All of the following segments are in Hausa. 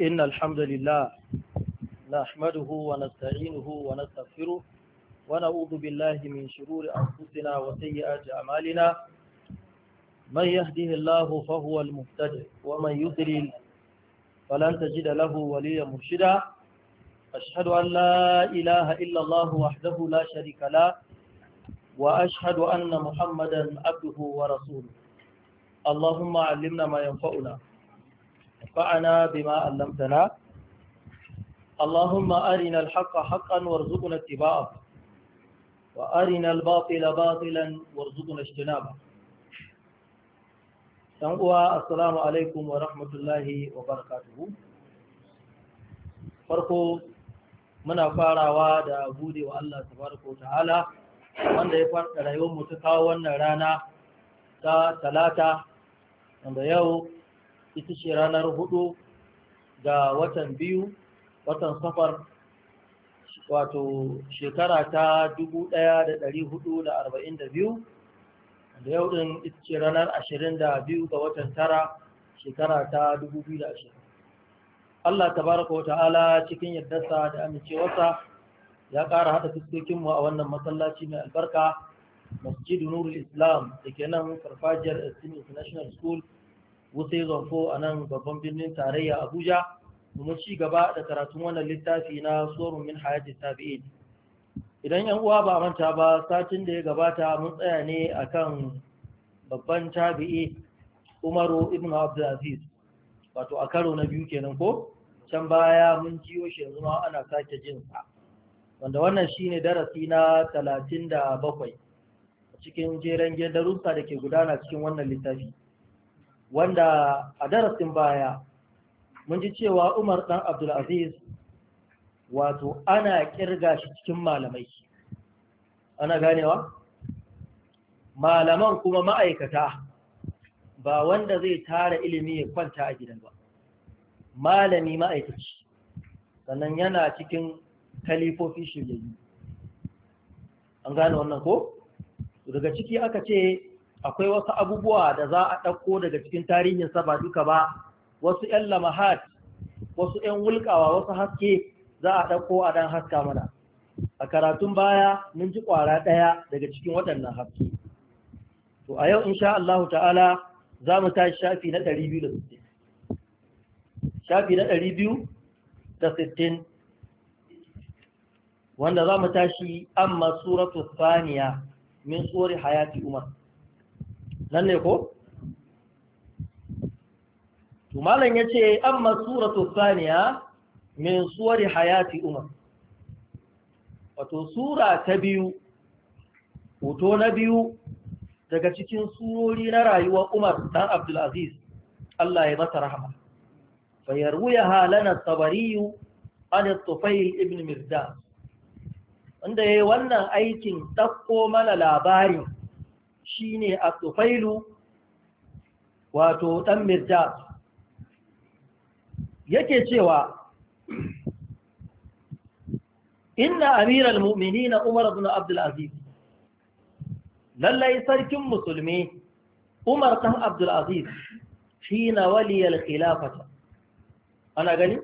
إن الحمد لله نحمده ونستعينه ونستغفره ونعوذ بالله من شرور أنفسنا وسيئات أعمالنا من يهده الله فهو المهتد ومن يضلل فلن تجد له وليا مرشدا أشهد أن لا إله إلا الله وحده لا شريك له وأشهد أن محمدا عبده ورسوله اللهم علمنا ما ينفعنا فأنا بما علمتنا اللهم أرنا الحق حقا وارزقنا اتباعه وأرنا الباطل باطلا وارزقنا اجتنابه uwa 'asalamu alaikum wa rahmatullahi wa barakatuhu farko muna farawa da gode wa Allah tabaraka ta'ala wanda ya farka rayuwar mu ta kawo wannan rana ta talata wanda yau ita ce ranar hudu ga watan biyu watan safar wato shekara ta 1442 da yau din ita ce ranar 22 ga watan tara shekara ta 2020 Allah tabaraka wa ta'ala cikin yardarsa da amincewarsa ya ƙara haɗa fuskokinmu a wannan masallaci mai albarka Masjid nurul islam da ke nan farfajiyar international school wuce zonfo a nan babban birnin tarayya abuja mu ci gaba da karatun wannan littafi na tsoron min hayati tabi'in idan yan uwa ba manta ba satin da ya gabata mun tsaya ne akan babban tabi'i umaru ibn abdulaziz wato a karo na biyu kenan ko can baya mun jiyo shi yanzu ma ana sake jin sa wanda wannan shine darasi na talatin da bakwai, 37 cikin jeren darussa da ke gudana cikin wannan littafi wanda a darasin baya mun ji cewa umar ɗan abdulaziz wato ana kirga shi cikin malamai ana ganewa malaman kuma ma'aikata ba wanda zai tara ilimi ya kwanta a gidan ba malami ma'aikaci sannan yana cikin kalifofi shiryayyu an gane wannan ko daga ciki aka ce akwai wasu abubuwa da za a ɗauko daga cikin tarihinsa ba duka ba wasu ‘yan lamahat wasu ‘yan wulƙawa wasu haske za a ɗauko a ɗan haska mana a karatun baya mun ji ƙwara ɗaya daga cikin waɗannan haske to a yau insha Allah ta'ala za mu tashi shafi na 260 shafi na 260 wanda za mu tashi amma suratu thaniya min tsori hayati umar nan ne ko tumalan malam ce, amma suratu thaniya min suwari hayati umar wato sura ta biyu hoto na biyu daga cikin surori na rayuwar umar dan abdulaziz Allah ya masa rahama fayarwuyaha lana tabariyu an tufail ibn mirda wanda yayi wannan aikin dakko mana labarin ne a tufailu wato ɗan mirja yake cewa inna amiral na umar abu na lallai sarkin musulmi umar ɗan abdul shi na waliyar khilafata ana gani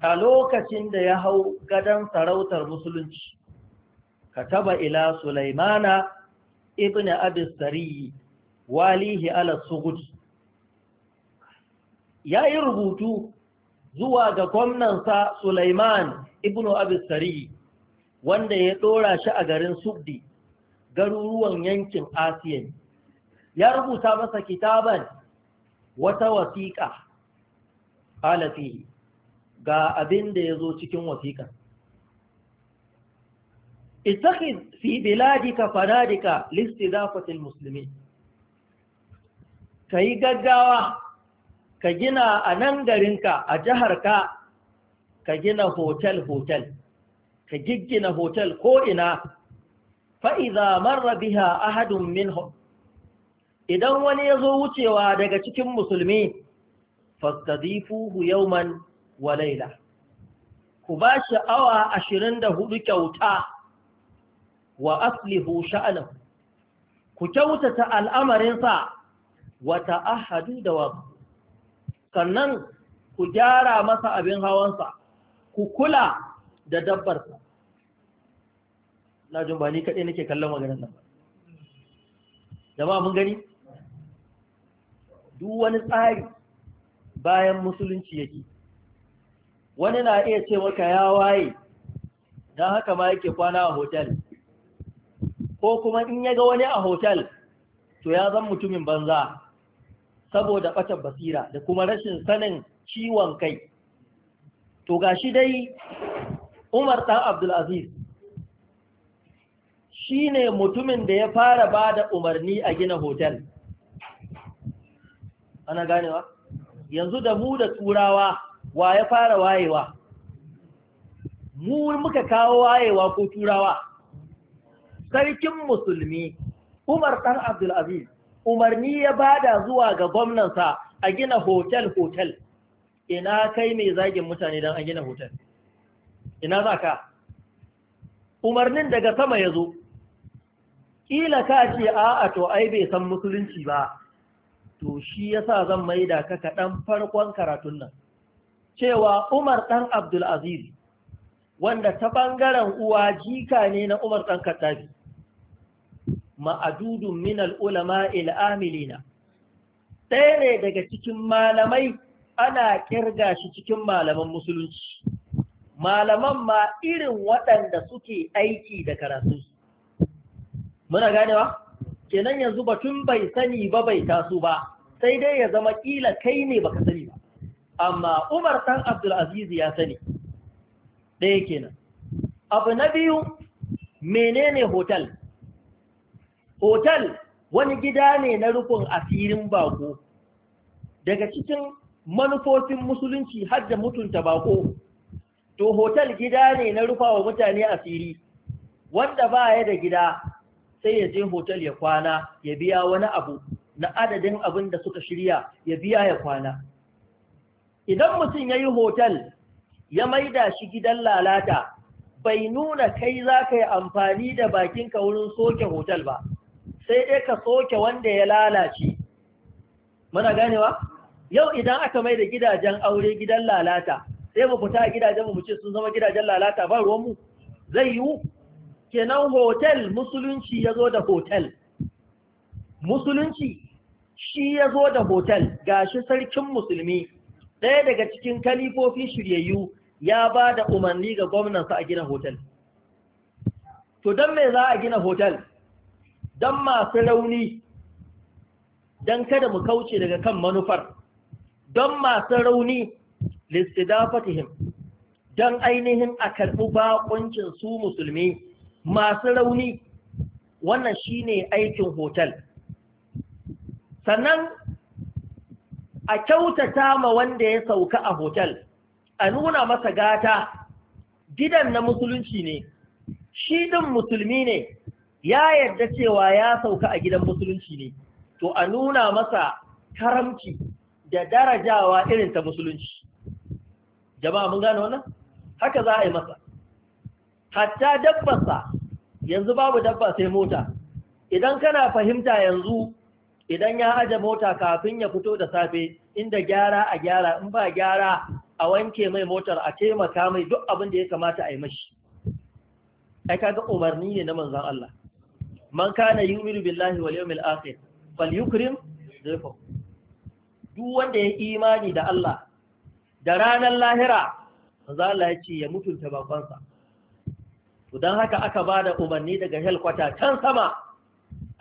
a lokacin da ya hau gadon sarautar musulunci ka taba ila sulaimana ibn abis sariyi walihi ala ya yi rubutu zuwa ga gwamnansa Sulaiman ibn abis sariyi wanda ya ɗora shi a garin sugdi garuruwan yankin asiya ya rubuta masa kitaban wata wasiƙa ƙalafihi ga abin da ya zo cikin wasiƙar اتخذ في بلادك فنادك لاستضافه المسلمين kai gaggawa ka gina a nan garinka a jiharka ka gina hotel hotel ka giggina hotel ko ina fa’iza marra biha ahadun idan wani ya zo wucewa daga cikin musulmi fastadifuhu yawman walaila ku ba shi awa 24 kyauta wa aslihu sha'anahu ku kyautata al'amarinsa wa ta'ahadu da wa sannan ku gyara masa abin hawansa ku kula da dabbarsa na jin ba ni kaɗai nake kallon maganin nan jama'a mun gani duk wani tsari bayan musulunci yake wani na iya ce maka ya waye don haka ma yake kwana a hotel ko kuma in ya ga wani a hotel to ya zan mutumin banza saboda ɓatar basira da kuma rashin sanin ciwon kai to ga shi dai umar ɗan abdulaziz shi ne mutumin da ya fara ba da umarni a gina hotel ana ganewa yanzu da mu da turawa wa ya fara wayewa mu muka kawo wayewa ko turawa sarkin musulmi Umar ɗan Abdulaziz umarni ya bada zuwa ga gwamnansa a gina hotel-hotel ina kai mai zagin mutane don a gina hotel ina za ka umarnin daga sama ya zo ƙila ka ce a to ai bai san musulunci ba to shi ya sa zan maida ka kaɗan farkon karatun nan cewa umar ɗan abdulaziz wanda ta ɓangaren uwa jika ne na umar ɗan kaddafi ma'adudun min ulama il'amilina ɗaya ne daga cikin malamai ana kirga shi cikin malaman musulunci malaman ma irin waɗanda suke aiki da karatu muna ganewa kenan yanzu batun bai sani ba bai taso ba sai dai ya zama ƙila kai ne baka sani ba amma umar ɗan abdulaziz ya sani ɗaya kenan abu na biyu menene hotel hotel wani gida ne na rufin asirin bako daga cikin manufofin musulunci har da mutunta bako to hotel gida ne na rufa wa mutane asiri wanda ba ya da gida sai ya je hotel ya kwana ya biya wani abu na adadin abin da suka shirya ya biya ya kwana idan mutum ya yi hotel ya maida shi gidan lalata bai nuna kai za ka yi amfani da bakinka wurin soke hotel ba sai dai ka soke wanda ya lalace muna ganewa yau idan aka mai da gidajen aure gidan lalata sai mu fita gidajen mu ce sun zama gidajen lalata ba ruwanmu zai yiwu kenan hotel musulunci ya zo da hotel musulunci shi ya zo da hotel gashi sarkin musulmi ɗaya daga cikin kalifofi shiryayyu ya ba da umarni ga gwamnansa a gina hotel to don me za a gina hotel don masu rauni don kada mu kauce daga kan manufar don masu rauni listidafatihim don ainihin a karɓi baƙuncin su musulmi masu rauni wannan ne aikin hotel sannan a kyautata ma wanda ya sauka a hotel a nuna masa gata gidan na musulunci ne shi ɗin musulmi ne ya yarda cewa ya sauka a gidan musulunci ne to a nuna masa karamci da darajawa irin ta musulunci jama'a mun gano wannan haka za a yi masa hatta dabbarsa yanzu babu dabba sai mota idan kana fahimta yanzu idan ya aje mota kafin ya fito da safe inda gyara a gyara in ba gyara a wanke mai motar a taimaka mai duk abin da ya kamata a yi mashi ai kaga umarni ne na manzon Allah man kana yu'minu billahi wal yawmil akhir falyukrim dayfahu duk wanda ya imani da Allah da ranar lahira za Allah ya ce ya mutunta babansa to dan haka aka ba da umarni daga helkwata can sama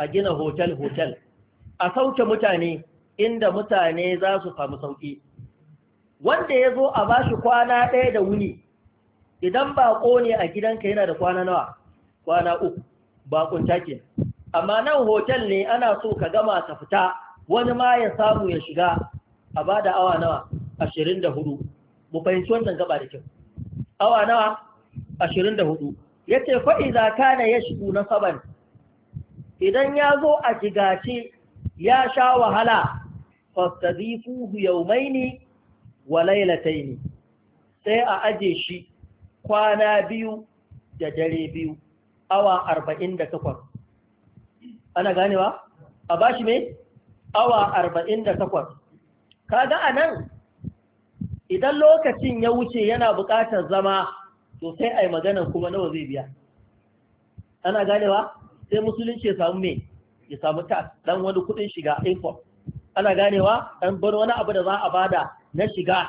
a gina hotel hotel a sauke mutane inda mutane za su samu sauki wanda ya zo a ba shi kwana ɗaya da wuni idan ba ne a gidanka yana da kwana nawa kwana uku bakunta ke amma nan hotel ne ana so ka gama ka fita wani ma ya samu ya shiga a ba da awa nawa ashirin da hudu mu fahimci wannan gaba da kyau awa nawa ashirin da hudu ya ce fa'iza kana ya shigo na saban idan ya zo a jigace ya sha wahala fastazifuhu yaumaini wa ne, sai a aje shi kwana biyu da dare biyu awa arba'in da takwas ana ganewa a ba shi mai awa arba'in da takwas kaga a nan idan lokacin ya wuce yana buƙatar zama to sai a yi maganar kuma nawa zai biya ana ganewa sai musulunci ya samu mai ya samu ta dan wani kuɗin shiga import ana ganewa dan bar wani abu da za a bada na shiga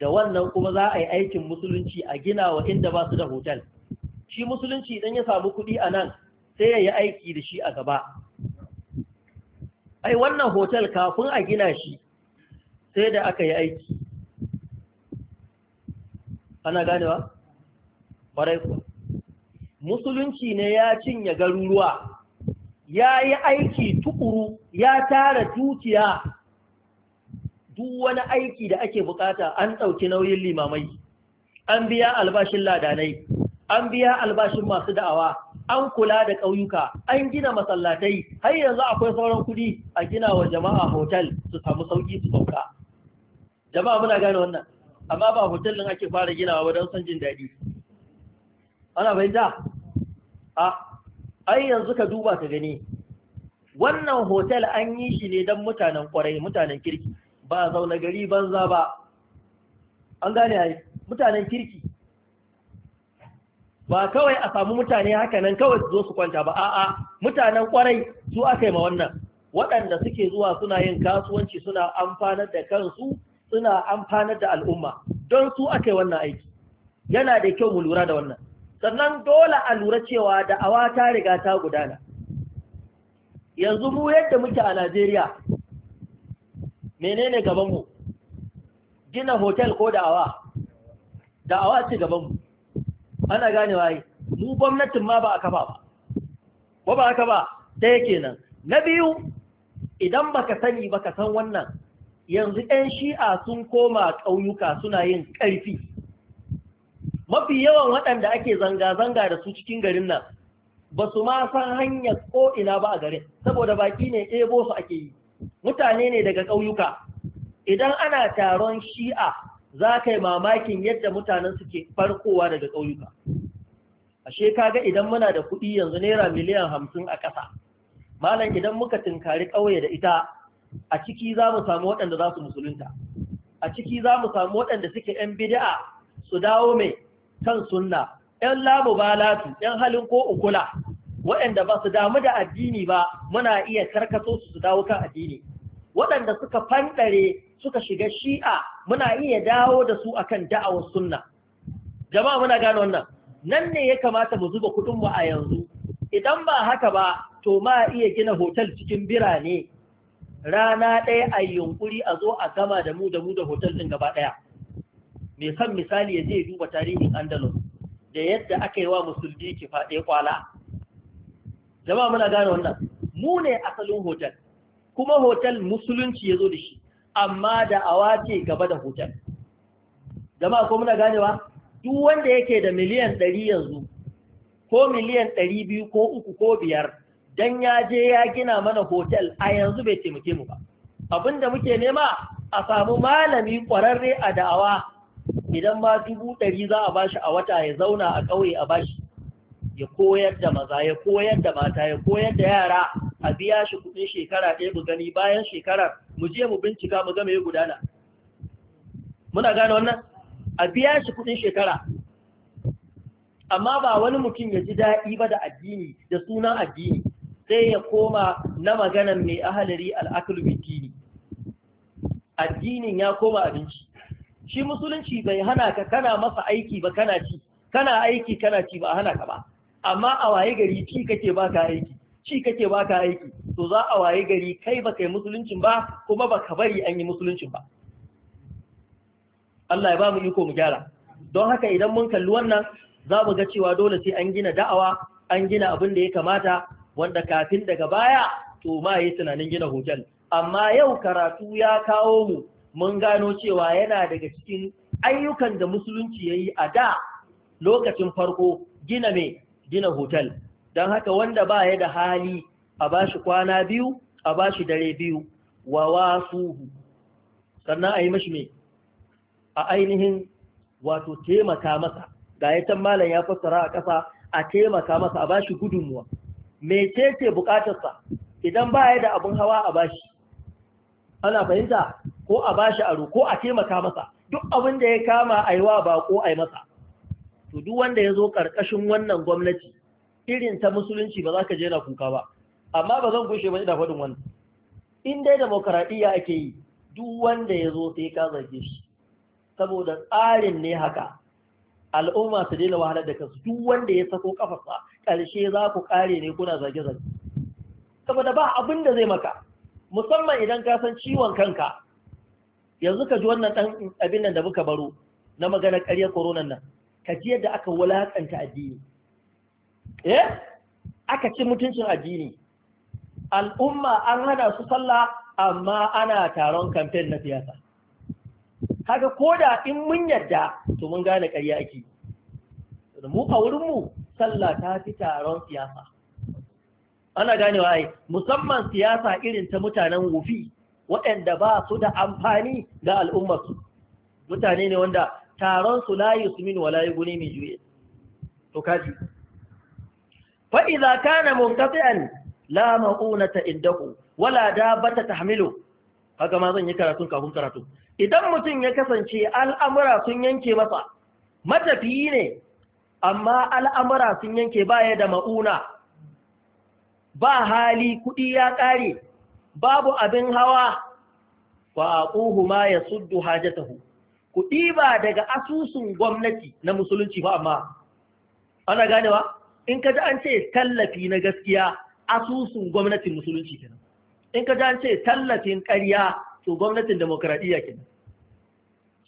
da wannan kuma za a yi aikin musulunci a gina wa inda ba su da hotel shi musulunci idan ya samu kuɗi a nan sai ya yi aiki da shi a gaba ai wannan hotel kafin a gina shi sai da aka yi aiki ana ganewa? ku. musulunci ne ya cinye garuruwa ya yi aiki tukuru ya tara dukiya duk wani aiki da ake bukata an ɗauki nauyin limamai an biya albashin ladanai an biya albashin masu da'awa an kula da ƙauyuka an gina masallatai har yanzu akwai sauran kuɗi a gina wa jama'a hotel su samu sauƙi su sauka jama'a muna gane wannan amma ba hotel din ake fara ginawa ba don son jin daɗi ana bayyanta a ai yanzu ka duba ka gani wannan hotel an yi shi ne don mutanen ƙwarai mutanen kirki ba zaune gari banza ba an gane ai mutanen kirki ba kawai a samu mutane haka nan kawai su zo su kwanta ba a'a mutanen kwarai su aka yi ma wannan waɗanda suke zuwa suna yin kasuwanci suna amfanar da kansu suna amfanar da al'umma don su aka yi wannan aiki yana da kyau mu lura da wannan sannan dole a lura cewa da awa ta riga ta gudana yanzu mu yadda muke a Najeriya menene gabanmu gina hotel ko da'awa da'awa ce gabanmu ana gane waye mu gwamnatin ma ba aka ba ba ba aka ba yake nan. na biyu idan baka sani baka san wannan yanzu 'yan shi'a sun koma ƙauyuka suna yin ƙarfi mafi yawan waɗanda ake zanga-zanga da su cikin garin nan ba su ma san hanyar ko'ina ba a garin saboda baki ne ɗebo su ake yi mutane ne daga ƙauyuka idan ana taron shi'a za ka yi mamakin yadda mutanen suke farkowa daga ƙauyuka ashe kaga idan muna da kuɗi yanzu naira miliyan hamsin a ƙasa malam idan muka tunkari ƙauye da ita a ciki za mu samu waɗanda za su musulunta a ciki za mu samu waɗanda suke 'yan bida'a su dawo mai kan sunna 'yan lamu latu, 'yan halin ko ukula waɗanda ba su damu da addini ba muna iya karkato su su dawo kan addini waɗanda suka fanɗare suka shiga shi'a muna iya dawo da su akan da'awar sunna jama'a muna gano wannan nan ne ya kamata mu zuba kuɗin mu a yanzu idan ba haka ba to ma iya gina hotel cikin birane rana ɗaya a yunkuri a zo a gama da mu da mu da hotel ɗin gaba ɗaya mai san misali ya je duba tarihin andalus da yadda aka yi wa musulmi ki faɗe kwala jama'a muna gano wannan mu ne asalin hotel kuma hotel musulunci ya zo da shi amma da awa ce gaba da hujjar. Gama ko muna ganewa duk wanda yake da miliyan ɗari yanzu ko miliyan ɗari biyu ko uku ko biyar don ya je ya gina mana hotel a yanzu bai taimake mu ba da muke nema a samu malami ƙwararre a da'awa idan ma dubu ɗari za a bashi a wata ya zauna a ƙauye a bashi ya koyar da maza ya koyar da mata ya koyar da yara a biya shi kudin shekara ɗaya mu gani bayan shekara mu je mu bincika mu game ya gudana muna gane wannan a biya shi kudin shekara amma ba wani mutum ya ji daɗi ba da addini da sunan addini sai ya koma na maganan mai ahalari al'akulubitini addinin ya koma abinci shi musulunci bai hana ka kana masa aiki ba kana ci kana aiki kana ci ba hana ka ba amma a waye gari ci kake ba ka aiki ci kake baka aiki to za a waye gari kai baka yi musuluncin ba kuma baka bari an yi musuluncin ba Allah ya ba mu iko mu gyara don haka idan mun kalli wannan za mu ga cewa dole sai an gina da'awa an gina abin da ya kamata wanda kafin daga baya to ma yi tunanin gina hotel amma yau karatu ya kawo mu mun gano cewa yana daga cikin ayyukan da musulunci ya yi a da lokacin farko gina mai gina hotel don haka wanda ba ya da hali a ba shi kwana biyu a ba shi dare biyu wa wasuhu sannan a yi mashi mai a ainihin wato taimaka masa ga yatan malam ya fassara a ƙasa a taimaka masa a ba shi gudunmuwa mecece bukatarsa idan ba ya da abin hawa a ba shi ana fahimta ko a ba shi aro ko a taimaka masa duk abin da ya kama a yi wa ba ko a yi masa to duk wanda ya zo ƙarƙashin wannan gwamnati irin ta musulunci ba za ka je na kuka ba amma ba zan gushe ba da faɗin wannan in dai demokaradiyya ake yi duk wanda ya zo sai ka zage shi saboda tsarin ne haka al'umma su daina wahalar da kansu duk wanda ya sako kafarsa ƙarshe za ku ƙare ne kuna zage-zage saboda ba abin da zai maka musamman idan ka san ciwon kanka yanzu ka ji wannan ɗan abin nan da muka baro na maganar ƙaryar koronan nan ka ji yadda aka wulaƙanta addini eh aka ci mutuncin addini al'umma an hana su sallah amma ana taron kamfen na siyasa kaga koda in mun yarda to mun gane ƙarya ake mu a wurinmu sallah ta fi taron siyasa ana ganewa ai musamman siyasa irin ta mutanen wufi waɗanda ba su da amfani ga al'ummarsu mutane ne wanda taron su layi su min wala layi guni mai juye to kaji fa idza kana munqati'an la ma'unata indahu wala dabata tahmilu Haka ma zan yi karatun kafin karatu idan mutum ya kasance al'amura sun yanke masa matafiyi ne amma al'amura sun yanke baya da ma'una ba hali kuɗi ya ƙare babu abin hawa fa'aquhu ma yasuddu hajatahu ku ba daga asusun gwamnati na musulunci ba amma ana ganewa in ka ji an ce tallafi na gaskiya asusun gwamnatin musulunci kenan in ka ji an ce tallafin ƙarya to gwamnatin demokradiyya kenan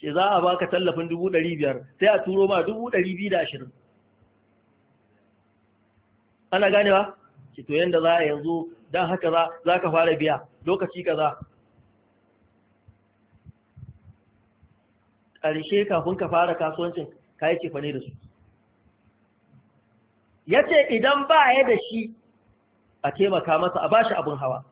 ce za a baka tallafin dubu ɗari biyar sai a turo ma dubu ɗari biyu da ashirin ana ganewa ce to yadda za a yanzu don haka za ka fara biya lokaci kaza ƙarshe kafin ka fara kasuwancin ka yi cefane da su ya ce idan ba ya da shi a taimaka masa a bashi abin hawa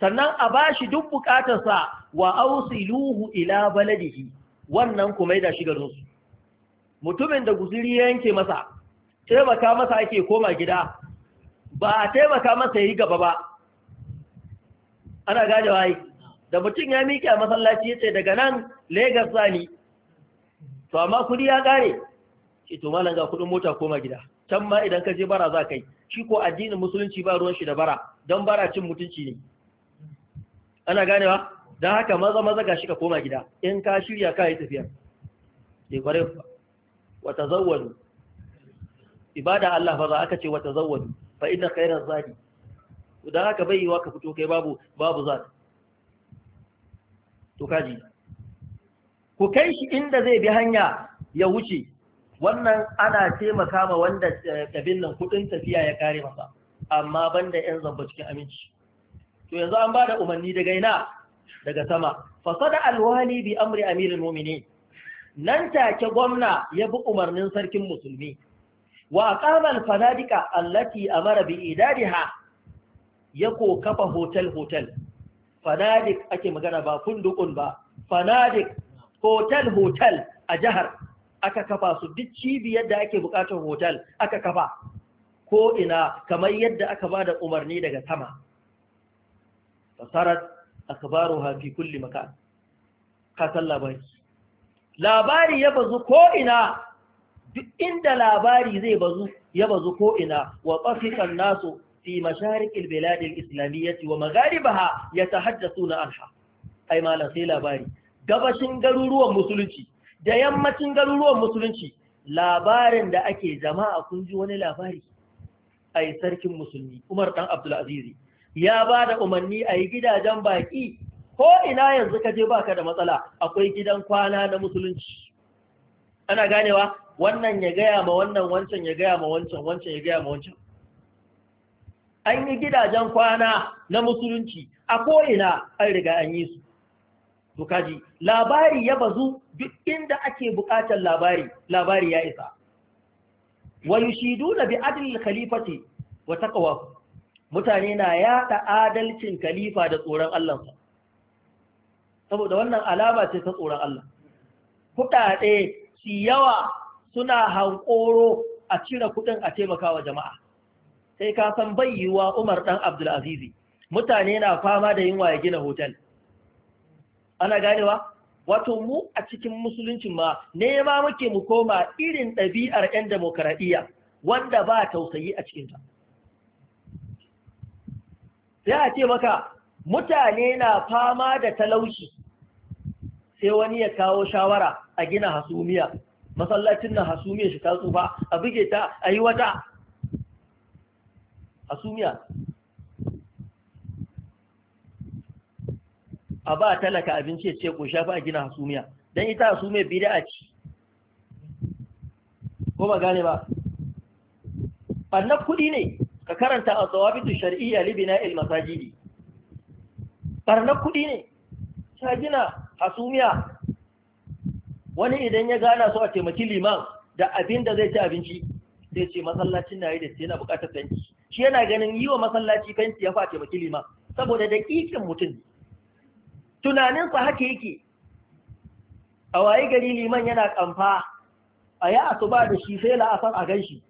sannan a bashi duk bukatarsa wa ausiluhu ila baladihi wannan kuma da shi garinsu mutumin da guziri ya yanke masa taimaka masa ake koma gida ba a taimaka masa ya yi gaba ba ana gane waye da mutum ya miƙe a masallaci ya ce daga nan Legas zani to amma kudi ya ƙare ce to kudin mota koma gida can ma idan ka je bara za kai shi ko addinin musulunci ba ruwan shi da bara don bara cin mutunci ne ana ganewa don haka maza maza ga shi ka koma gida in ka shirya ka yi tafiya da eh, kware wata zawwadu ibada Allah ba za aka ce wata zawwadu fa inna khairan zadi don haka bai yiwa ka fito kai babu babu zadi to kaji ku kai shi inda zai bi hanya ya wuce wannan ana taimaka ma wanda kabin eh, nan tafiya ya kare masa amma da yan zamba cikin aminci to yanzu an bada umarni daga ina daga sama fasada alwali bi amri amirul nomine. nan take gwamna ya bi umarnin sarkin musulmi wa fanadika alfanadika allati amara bi idadiha ya ko kafa hotel hotel fanadik ake magana ba kundukun ba fanadik hotel hotel a jihar aka kafa su duk cibiyar da ake bukatar hotel aka kafa ko ina kamar yadda aka ba da umarni daga sama fasarat akbaruha fi kulli makan kasan labari labari ya bazu ko ina duk inda labari zai bazu ya bazu ko ina wa tafiqan nasu fi masharikil biladil islamiyyati wa magaribaha ya ta magharibaha na anha ai malan sai labari gabashin garuruwan musulunci da yammacin garuruwan musulunci labarin da ake jama'a kun ji wani labari a yi sarkin musulmi umar ɗan abdulazizi ya ba da umarni a yi gidajen baƙi ko ina yanzu ka je baka da matsala akwai gidan kwana na musulunci ana ganewa wannan ya gaya ma wannan wancan ya gaya ma wancan wancan ya gaya ma wancan an yi gidajen kwana na musulunci a ko ina an riga an yi su to kaji labari ya bazu duk inda ake bukatar labari labari ya isa wa yushiduna bi adl khalifati wa taqwa mutane na yaɗa adalcin khalifa da tsoron Allah saboda wannan alama ce ta tsoron Allah kuɗaɗe shi yawa suna hankoro a cire kuɗin a taimakawa jama'a sai ka san bai yiwuwa Umar dan Abdul Azizi mutane na fama da yin waye gina hotel ana ganewa wato mu a cikin musulunci ma nema muke mu koma irin ɗabi'ar 'yan demokaraɗiyya wanda ba tausayi a cikinta sai a ce maka mutane na fama da talauci sai wani ya kawo shawara a gina hasumiya masallacin na hasumiya shi ta tsufa a buge ta a yi wata hasumiya a ba talaka abinci ya ce ko shafi a gina hasumiya don ita hasumiya bid'a ci, ko ba gane ba annab kudi ne ka karanta a tsawabitu shar'iyya li bina'il masajidi barnar kudi ne ta gina hasumiya wani idan ya gana su a taimaki liman da abin da zai ci abinci sai ce masallacin na yi da yana bukatar fenti shi yana ganin yi wa masallaci fenti ya fa taimaki liman saboda ikin mutum tunaninsa haka yake a waye gari liman yana kamfa a yi asuba da shi sai la'asar a gan shi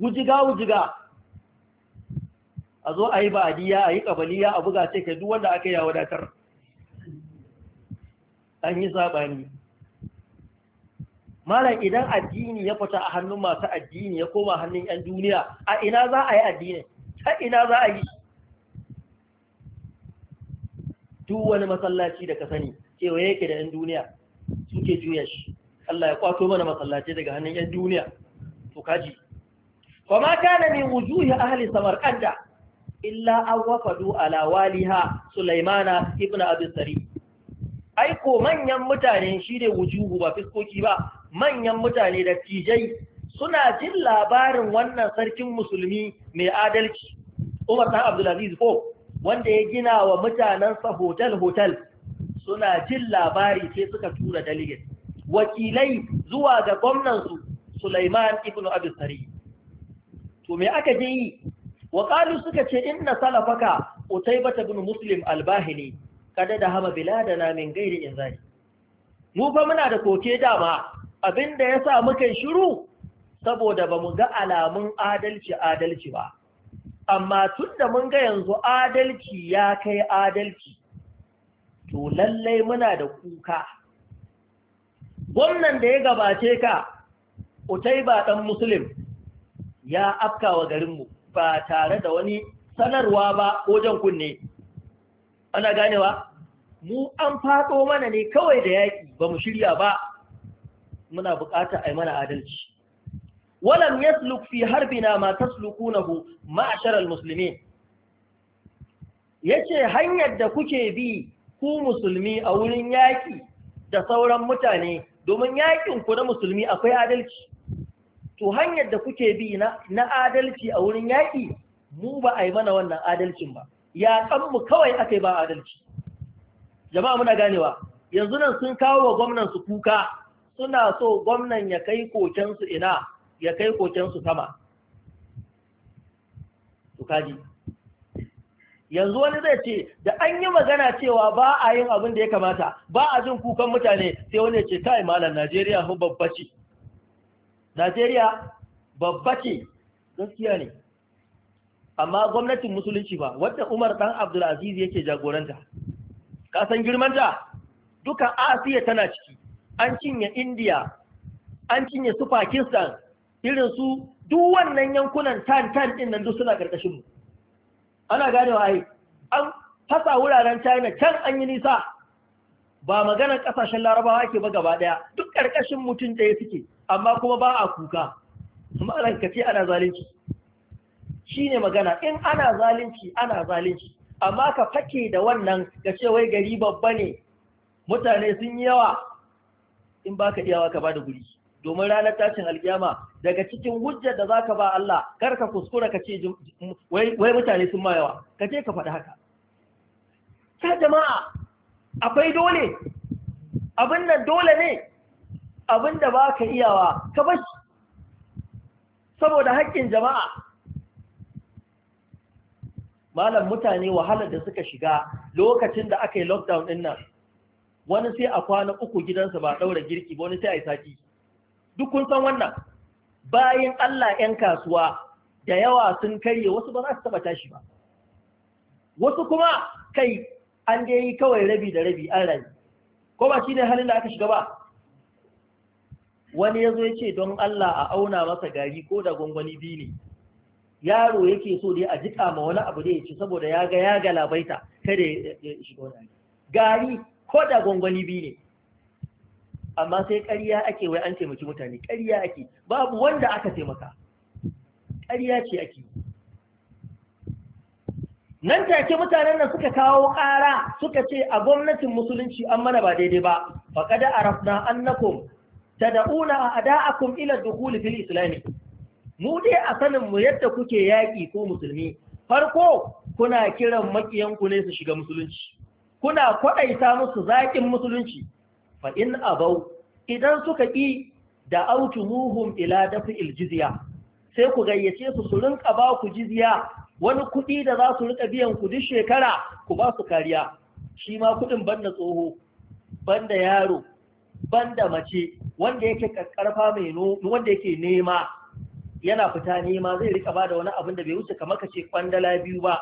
wujiga-wujiga a zo a yi ba'adiyya a yi ƙabaliya a buga ce ka duwanda wanda aka yi a wadatar an yi saɓani malam idan addini ya fita a hannun masu addini ya koma hannun 'yan duniya a ina za a yi addini ta ina za a yi shi duk wani masallaci da ka sani cewa yake da 'yan duniya suke juya shi Allah ya kwato mana masallaci daga hannun 'yan duniya to kaji fa ma kana min wujuhi ahli samarqanda illa an wafadu ala waliha sulaimana ibn abi aiko manyan mutane shi ne wujuhu ba fiskoki ba manyan mutane da tijai suna jin labarin wannan sarkin musulmi mai adalci Umar ɗan Abdulaziz ko wanda ya gina wa mutanensa hotel-hotel suna jin labari sai suka tura dalilin, wakilai zuwa ga gwamnansu Sulaiman ibn Abisari to me aka je yi wakalu suka ce inna salafaka bata ibn muslim albahili kada da hama biladana min gairi inzari mu fa muna da koke dama abinda yasa muka shiru saboda bamu ga alamun adalci adalci ba amma tun da mun ga yanzu adalci ya kai adalci to lallai muna da kuka gwamnan da ya gabace ka ba ɗan musulun, ya afka wa garinmu ba tare da wani sanarwa ba ko jan kunne ana ganewa mu an faɗo mana ne kawai da yaƙi ba mu shirya ba muna buƙatar a yi mana adalci ولم يسلك في حربنا ما تسلكونه معشر المسلمين yace hanyar da kuke bi ku musulmi a wurin yaki da sauran mutane domin yakin ku na musulmi akwai adalci to hanyar da kuke bi na adalci a wurin yaki mu ba a yi mana wannan adalcin ba ya mu kawai akai ba adalci jama'a muna ganewa yanzu nan sun kawo wa gwamnan su kuka suna so gwamnan ya kai kokensu ina ya kai kokensu sama to kaji yanzu wani zai ce da an yi magana cewa ba a yin abin da ya kamata ba a jin kukan mutane sai wani ce kai malam Najeriya babba Najeriya babbaci gaskiya ne amma gwamnatin musulunci ba wadda Umar dan abdulaziz yake jagoranta ka san girmanta dukan Asiya tana ciki an cinye India an cinye su Pakistan irin su duk wannan yankunan tan tan din nan duk suna karkashin mu ana wa ai an fasa wuraren China can an yi nisa ba maganar ƙasashen larabawa ake ba gaba daya duk karkashin mutum ɗaya suke amma kuma ba a kuka ma'anar ka ana zalunci shi ne magana in ana zalunci ana zalunci amma ka fake da wannan ka ce wai gari babba ne mutane sun yi yawa in ba ka iyawa ka bada da guri domin ranar tashin alkiyama daga cikin hujjar da zaka ba Allah kar ka kuskura ka ce wai mutane sun mayawa ka ce ka faɗi haka ta jama'a akwai dole abin nan dole ne abin da ba ka iyawa ka bashi saboda haƙƙin jama'a malam mutane wahalar da suka shiga lokacin da aka yi lockdown ɗin nan wani sai a kwana uku gidansa ba ɗaura girki wani sai a yi sati duk kun san wannan bayan Allah ‘yan kasuwa da yawa sun karye wasu ba za su taba tashi ba wasu kuma kai an je yi kawai rabi da rabi an rabi ko ba shi ne halin da aka shiga ba wani ya zo ya ce don Allah a auna masa gari ko da gwangwani biyu ne yaro yake so dai a jika ma wani abu da ya ce saboda ya ga ya galabaita kada ya shiga wani gari ko da gwangwani biyu ne amma sai ƙarya ake wai an taimaki mutane ƙarya ake babu wanda aka taimaka ƙarya ce ake nan take mutanen nan suka kawo ƙara suka ce a gwamnatin musulunci an mana ba daidai ba faqad arafna annakum tad'una a'da'akum ila dukhul fil islam mu dai a sanin mu yadda kuke yaƙi ko musulmi farko kuna kiran makiyanku ne su shiga musulunci kuna kwaɗaita musu zaƙin musulunci fa in abau idan suka ƙi da autumuhum ila dafi jizya sai ku gayyace su su rinka ba ku jizya wani kuɗi da za su rinka biyan ku duk shekara ku ba su kariya shi ma kuɗin banda tsoho banda yaro banda mace wanda yake karfa mai wanda yake nema yana fita nema zai rika ba da wani abin da bai wuce kamar kace kwandala biyu ba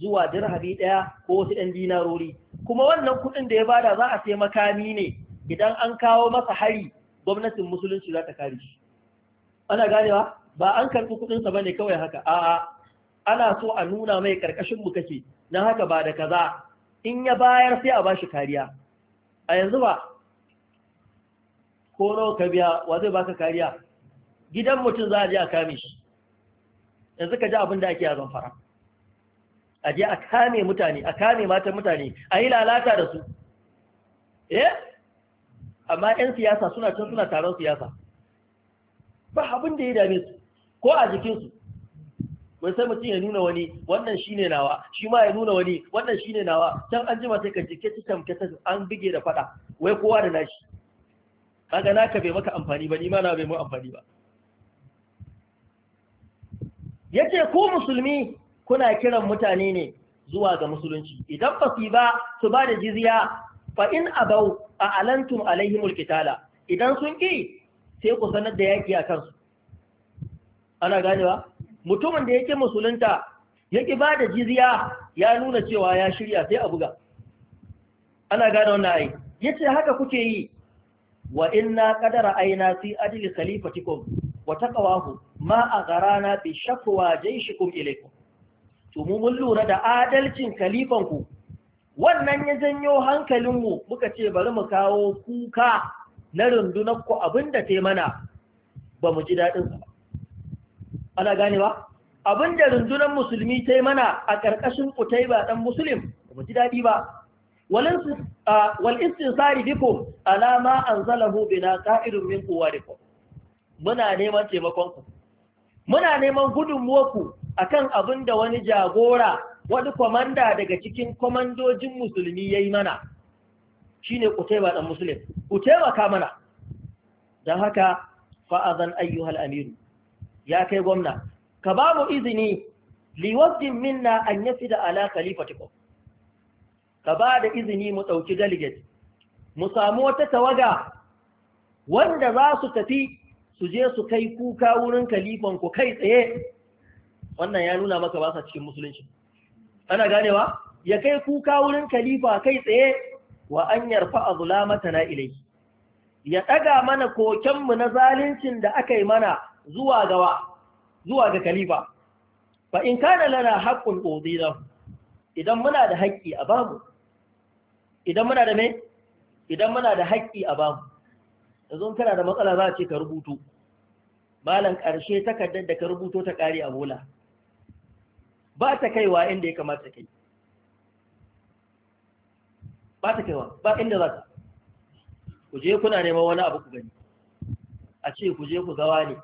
zuwa dirhami ɗaya ko wasu ɗan dinarori kuma wannan kuɗin da ya bada za a sai makami ne idan an kawo masa hari gwamnatin musulunci za ta kare shi ana ganewa ba an karɓi kuɗinsa ba ne kawai haka a'a ana so a nuna mai ƙarƙashin mu kake na haka ba da kaza in ya bayar sai a ba shi kariya a yanzu ba ko nawa ka biya wa zai baka kariya gidan mutum za a je a kame shi yanzu ka ji abin da ake yazon fara a je a kame mutane a kame matan mutane a yi lalata da su eh amma 'yan siyasa suna can suna taron siyasa ba abin da ya dame su ko a jikinsu wai sai mutum ya nuna wani wannan shi ne nawa shi ma ya nuna wani wannan shi ne nawa can an jima sai ka jike ci tamke ta an bige da fada wai kowa da nashi kaga naka bai maka amfani ba ni ma na bai mu amfani ba yace ko musulmi kuna kiran mutane ne zuwa ga musulunci idan ba su ba su ba da jizya fa in abau a alantum alaihimul kitala idan sun ki sai ku sanar da yaki a kansu ana ganewa mutumin da yake musulunta yake ba da jiziya ya nuna cewa ya shirya sai a buga ana gane wannan ai yace haka kuke yi wa inna qadara aina fi adli khalifatikum wa taqawahu ma na bi shakwa jayshikum ilaykum to mu mun lura da adalcin khalifanku wannan ya janyo hankalinmu muka ce bari mu kawo kuka na rundunar ku abin da ta mana ba mu ji daɗinsa ba ana gane ba abin da rundunar musulmi ta mana a ƙarƙashin kutai ba ɗan musulmi ba mu ji daɗi ba wal'istin sari biko alama an zalahu bina ƙa'irin min kowa da ku muna neman taimakonku muna neman gudunmuwarku akan abin da wani jagora wani komanda daga cikin komandojin musulmi ya yi mana shi ne kutaiba ɗan musulun ku taimaka mana don haka fa'azan ayyuhal amiru ya kai gwamna ka ba mu izini liwabdin minna an fi da ala khalifatikon ka ba da izini mu ɗauki delegate mu samu wata tawaga wanda za su tafi su je su kai kuka wurin ku kai tsaye wannan ya nuna maka ba sa cikin musulunci ana ganewa ya kai kuka wurin khalifa kai tsaye wa an yarfa azlamatana ilayhi ya ɗaga mana kokenmu na zalincin da aka yi mana zuwa gawa zuwa ga kalifa fa in kana lana haqqun ƙozinan idan muna da haƙƙi a bamu idan muna da me idan muna da haƙƙi a bamu yanzu kana da matsala za a ce ka rubuto malan ƙarshe takardar da ka rubuto ta ƙari a bola ba ta kaiwa inda ya kamata kai ba ta kaiwa ba inda za ta ku je kuna neman wani abu ku gani a ce ku je ku gawa ne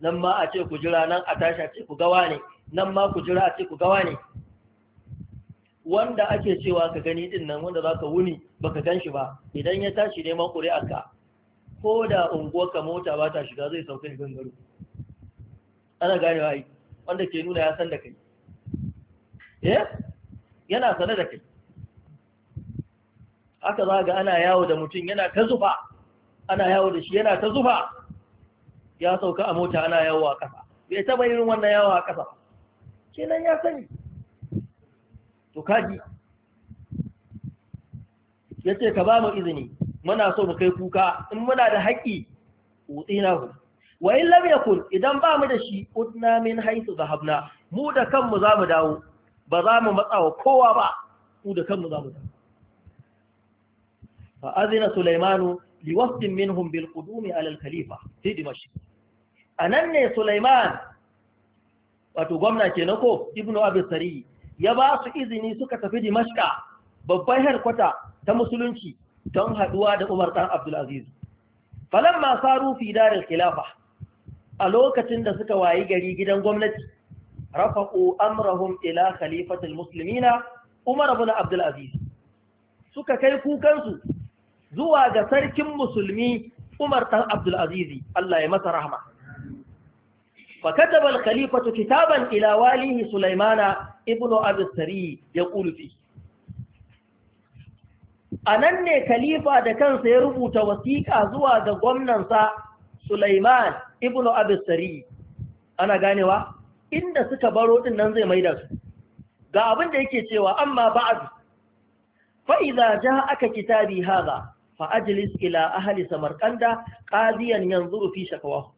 nan ma a ce ku jira nan a tashi a ce ku gawa ne nan ma ku jira a ce ku gawa ne wanda ake cewa ka gani din nan wanda za ka wuni ba ka gan shi ba idan ya tashi neman ƙuri'arka ko da unguwarka mota ba ta shiga zai sauka ne gangaro ana ganewa yi wanda ke nuna ya san da kai eh yana sanar da kai haka za ga ana yawo da mutum yana ta zufa ana yawo da shi yana ta zufa ya sauka a mota ana yawo a ƙasa bai taɓa irin wannan yawo a ƙasa kenan ya sani to kaji ya ce ka ba mu izini muna so mu kai kuka in muna da haƙƙi utsina ku wa in yakun idan ba mu da shi udna min haythu zahabna mu da kanmu za mu dawo ba za mu matsa wa kowa ba ku da kanmu za mu tafi fa azina sulaimanu li wasfin minhum bil qudumi ala al khalifa fi dimashq anan ne sulaiman wato gwamna kenan ko ibnu abi sari ya ba su izini suka tafi dimashq babban harkwata ta musulunci don haduwa da umar dan abdul aziz falamma saru fi daril khilafa a lokacin da suka wayi gari gidan gwamnati rafa'u amrahum ila khalifatul muslimina Umar ibn suka kai kukansu zuwa ga sarkin musulmi Umar ɗan Abdul Aziz Allah ya masa rahma fa khalifatu kitaban ila walihi Sulaimana ibn Abi Sari ya kulfi anan ne khalifa da kansa ya rubuta wasiƙa zuwa ga gwamnansa Sulaiman ibn Abi Sari ana ganewa inda suka baro din nan zai maida su ga abin da yake cewa amma ba'd fa idza ja'aka kitabi hadha fa ajlis ila ahli samarqanda qadiyan yanzuru fi shakwahu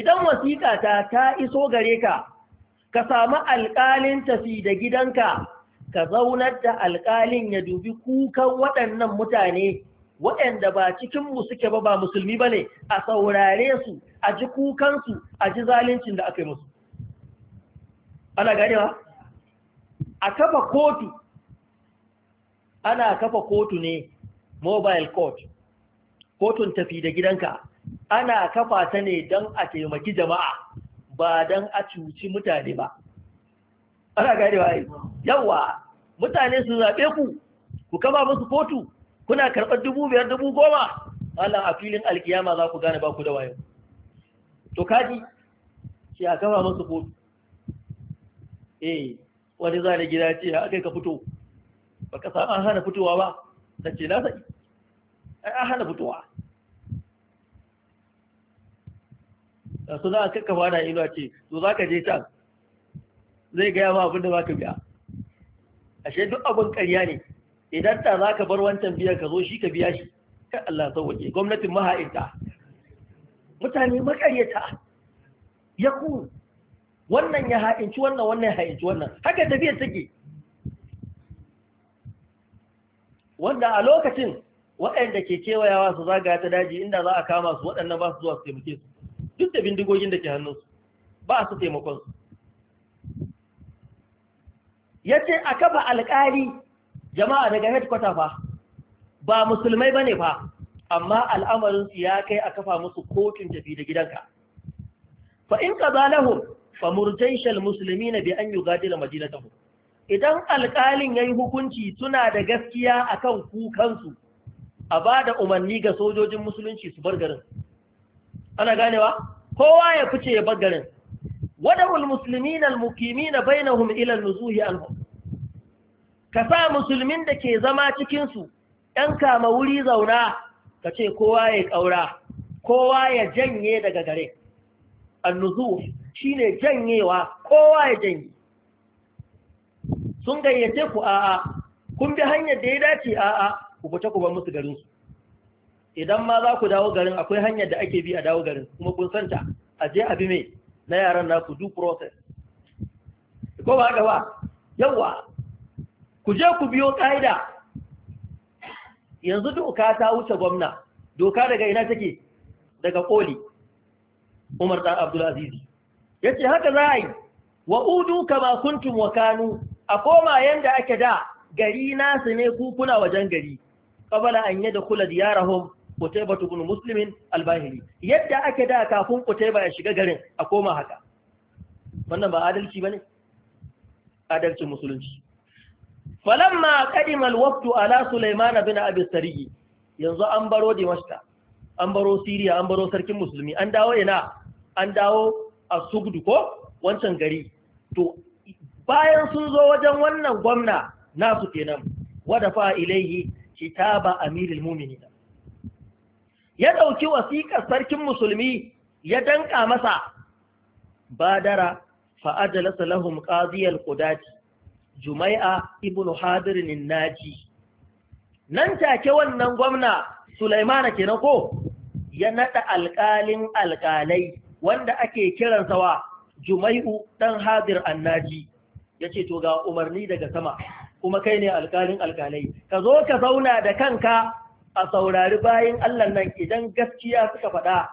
idan wasiqa ta ta iso gare ka ka samu alƙalin tafi da gidanka ka zaunar da alƙalin ya dubi kukan waɗannan mutane waɗanda ba cikinmu suke ba ba musulmi ba ne a saurare su a ji kukansu a ji zalincin da aka yi musu ana ganewa a kafa kotu ana kafa kotu ne mobile court kotun tafi da gidanka ana kafa ta ne don a taimaki jama'a ba don a cuci mutane ba ana ganewa yawa mutane su zaɓe ku ku kama musu kotu kuna karɓar dubu biyar dubu goma Allah a filin alkiyama za ku gane ba ku da wayo to kaji shi a kama masu kotu eh wani za ne gida ce aka kai ka fito ba ka sa an hana fitowa ba ta ce na Ai an hana fitowa da su za a kakkafa na inuwa ce to za ka je can zai gaya ma abin da ka biya ashe duk abin karya ne idan ta za ka bar wancan biyan ka zo shi ka biya shi kan Allah waje. gwamnatin maha'inta mutane makaryata ya ku wannan ya ha'inci wannan wannan ya ha'inci wannan haka tafiyar take wanda a lokacin waɗanda ke kewayawa su zagaya ta daji inda za a kama su waɗannan ba su zuwa su taimake su duk da bindigogin da ke hannunsu ba su taimakon su ya ce a kafa alƙali jama'a daga headquarter fa ba musulmai ba ne fa amma al'amarin su ya kai a kafa musu kotun tafi da gidanka fa in ka za lahun fa murjaishal musulmi na bi an yi Majina ta majinatahu idan alƙalin ya yi hukunci suna da gaskiya a kan kukansu a ba da umarni ga sojojin musulunci su bar garin ana ganewa kowa ya fice ya bar garin wadawul musulmi na mukimi na bainahum ilan nuzuhi anhum ka sa musulmin da ke zama cikinsu ‘yan kama wuri zauna ka ce kowa ya ƙaura kowa ya janye daga gare annuzu shi ne janyewa kowa ya janye sun gayyace ku a'a kun bi hanyar da ya dace a'a ku fita ku ban musu garinsu, idan ma za ku dawo garin akwai hanyar da ake bi a dawo garin kuma kun santa a je abi mai na yaran ku due process ko ba ba yawa ku je ku biyo ƙa'ida yanzu doka ta wuce gwamna doka daga ina take daga koli umar dan abdulaziz ya ce haka za a yi wa udu kama kuntum wa kanu a koma yanda ake da gari nasu ne kukuna wajen gari qabala an yadkhula diyarahum Qutayba ibn muslimin albahili yadda ake da kafin Qutayba ya shiga garin a koma haka wannan ba adalci bane adalcin musulunci falamma kadima alwaqtu ala sulaiman bin abi sarigi yanzu an baro dimashka an baro siriya an baro sarkin musulmi an dawo ina an dawo a ko wancan gari to bayan sun zo wajen wannan gwamna nasu kenan wada fa ilaihi kitaba amirul mu'minin ya dauki wasiƙar sarkin musulmi ya danka masa badara fa ajalasa lahum qadiyal qudati Jumai'a ibn Hadirin Naji nan take wannan gwamna Sulaimana kenan ko ya nada alƙalin alƙalai wanda ake kiransa wa Jumai'u dan Hadir Annaji yace to ga umarni daga sama kuma kai ne alƙalin alƙalai ka zo ka zauna da kanka a saurari bayin Allah nan idan gaskiya suka faɗa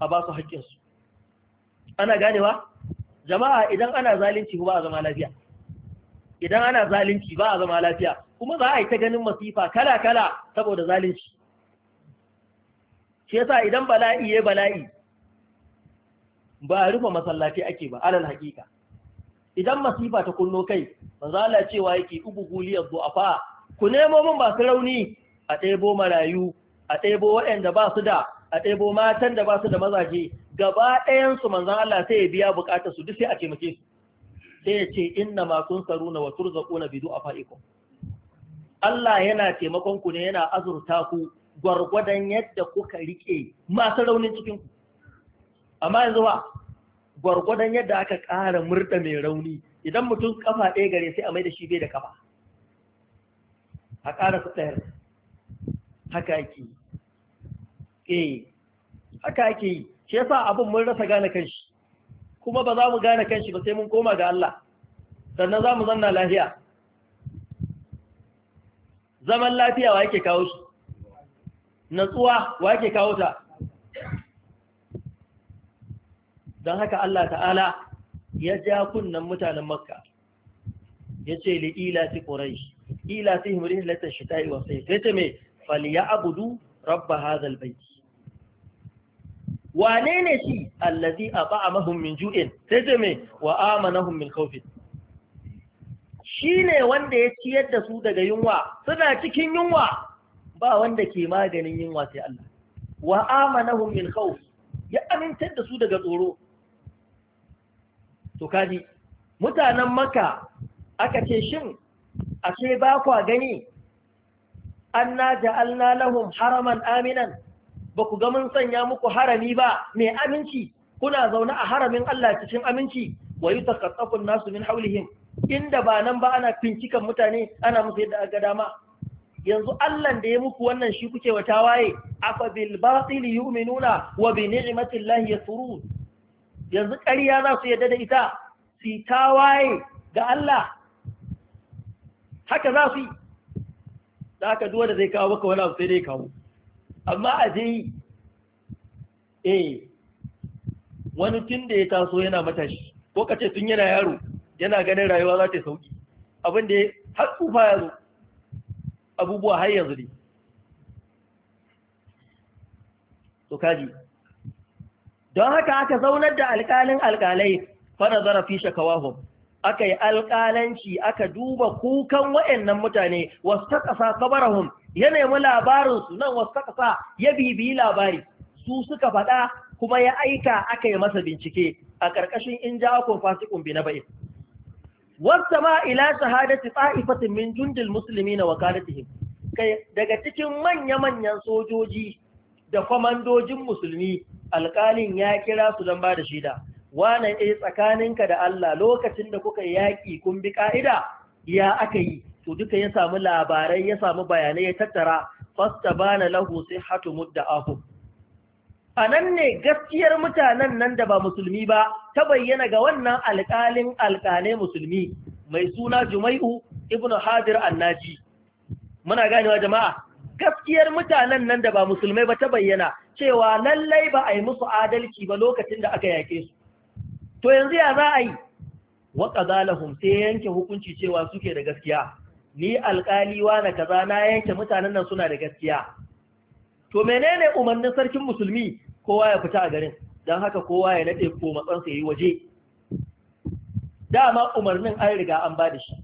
a ba su haƙƙinsu ana ganewa jama'a idan ana zalunci ba a zama lafiya idan ana zalunci ba a zama lafiya kuma za a yi ta ganin masifa kala-kala saboda zalunci shi yasa idan bala'i ya bala'i ba a rufe masallaci ake ba alal hakika idan masifa ta kunno kai ba za a cewa yake ubu guliyar fa ku nemo min ba su rauni a ɗebo marayu a ɗebo waɗanda ba su da a ɗebo matan da ba su da mazaje gaba ɗayansu manzan Allah sai ya biya bukatar su duk sai a taimake su sai ya ce inna ma tunsaruna wa bidu a du'afaikum Allah yana taimakon ku ne yana azurta ku gwargwadon yadda kuka rike masu raunin cikin ku amma yanzu ba gwargwadon yadda aka ƙara murda mai rauni idan mutum kafa ɗaya gare sai a mai da shi bai da kafa a ƙara su ɗayar haka ake yi eh, haka ake yi shi yasa abin mun rasa gane kanshi kuma ba za mu gane kanshi ba sai mun koma ga Allah sannan za mu zanna lafiya zaman lafiya wa yake kawo shi natsuwa wa yake kawo ta don haka Allah ta'ala ya ja kunnan mutanen makka ya ce li ilati quraish ilatihim rihlatan shita'i wa sayf yace me falyabudu rabb hadha albayt wane ne shi allazi at'amahum min ju'in sai zai mai wa amanahum min Shi ne wanda ya ciyar da su daga yunwa suna cikin yunwa ba wanda ke maganin yunwa sai Allah wa amanahum min kofi ya amintar da su daga tsoro to kaji mutanen maka aka ce shin ce ba kwa gani An na ja’al na lahun haraman aminan ba ku ga mun sanya muku harami ba mai aminci kuna zaune a haramin Allah cikin aminci wa yutakattafu nasu min haulihim inda ba nan ba ana fincikan mutane ana musu yadda aka dama yanzu Allah da ya muku wannan shi kuke wa tawaye afa bil batili yu'minuna wa bi llahi yakfurun yanzu ƙarya za su yadda da ita su tawaye ga Allah haka za su yi da aka duwa da zai kawo maka wani abu sai dai kawo amma a dai eh wani tun da ya taso yana matashi ko kace tun yana yaro yana ganin rayuwa za ta sauki abin da har tsufa ya zo abubuwa har yanzu ne to kaji don haka aka zaunar da alƙalin alƙalai fana zarafi shakawahum aka yi alƙalanci aka duba kukan wa'annan mutane wasu ta ƙasa kabarahun ya nemi labarinsu nan wasu ƙasa ya bibiyi labari su suka faɗa kuma ya aika aka yi masa bincike a ƙarƙashin in ja akon fasikun bi na bai wasu ma ila shahadati tsa'ifatin min jundil musulmi na wakalatihim daga cikin manya-manyan sojoji da kwamandojin musulmi alƙalin ya kira su don ba da shida wane ɗaya eh, tsakaninka da Allah lokacin da kuka yaƙi kun bi ƙa'ida ya aka yi to duka ya samu labarai ya samu bayanai ya tattara fasta bana lahu sai hatu mudda ahu a nan ne gaskiyar mutanen nan da ba musulmi ba ta bayyana ga wannan alƙalin alƙale musulmi mai suna jumai'u ibn hadir annaji muna ganewa jama'a gaskiyar mutanen nan da ba musulmai ba ta bayyana cewa lallai ba a yi musu adalci ba lokacin da aka yake su to yanzu ya za a yi waƙa sai yanke hukunci cewa suke da gaskiya ni alƙali na kaza na yanke mutanen nan suna da gaskiya to menene umarnin sarkin musulmi kowa ya fita a garin don haka kowa ya nade ko matsan ya yi waje dama umarnin an riga an ba da shi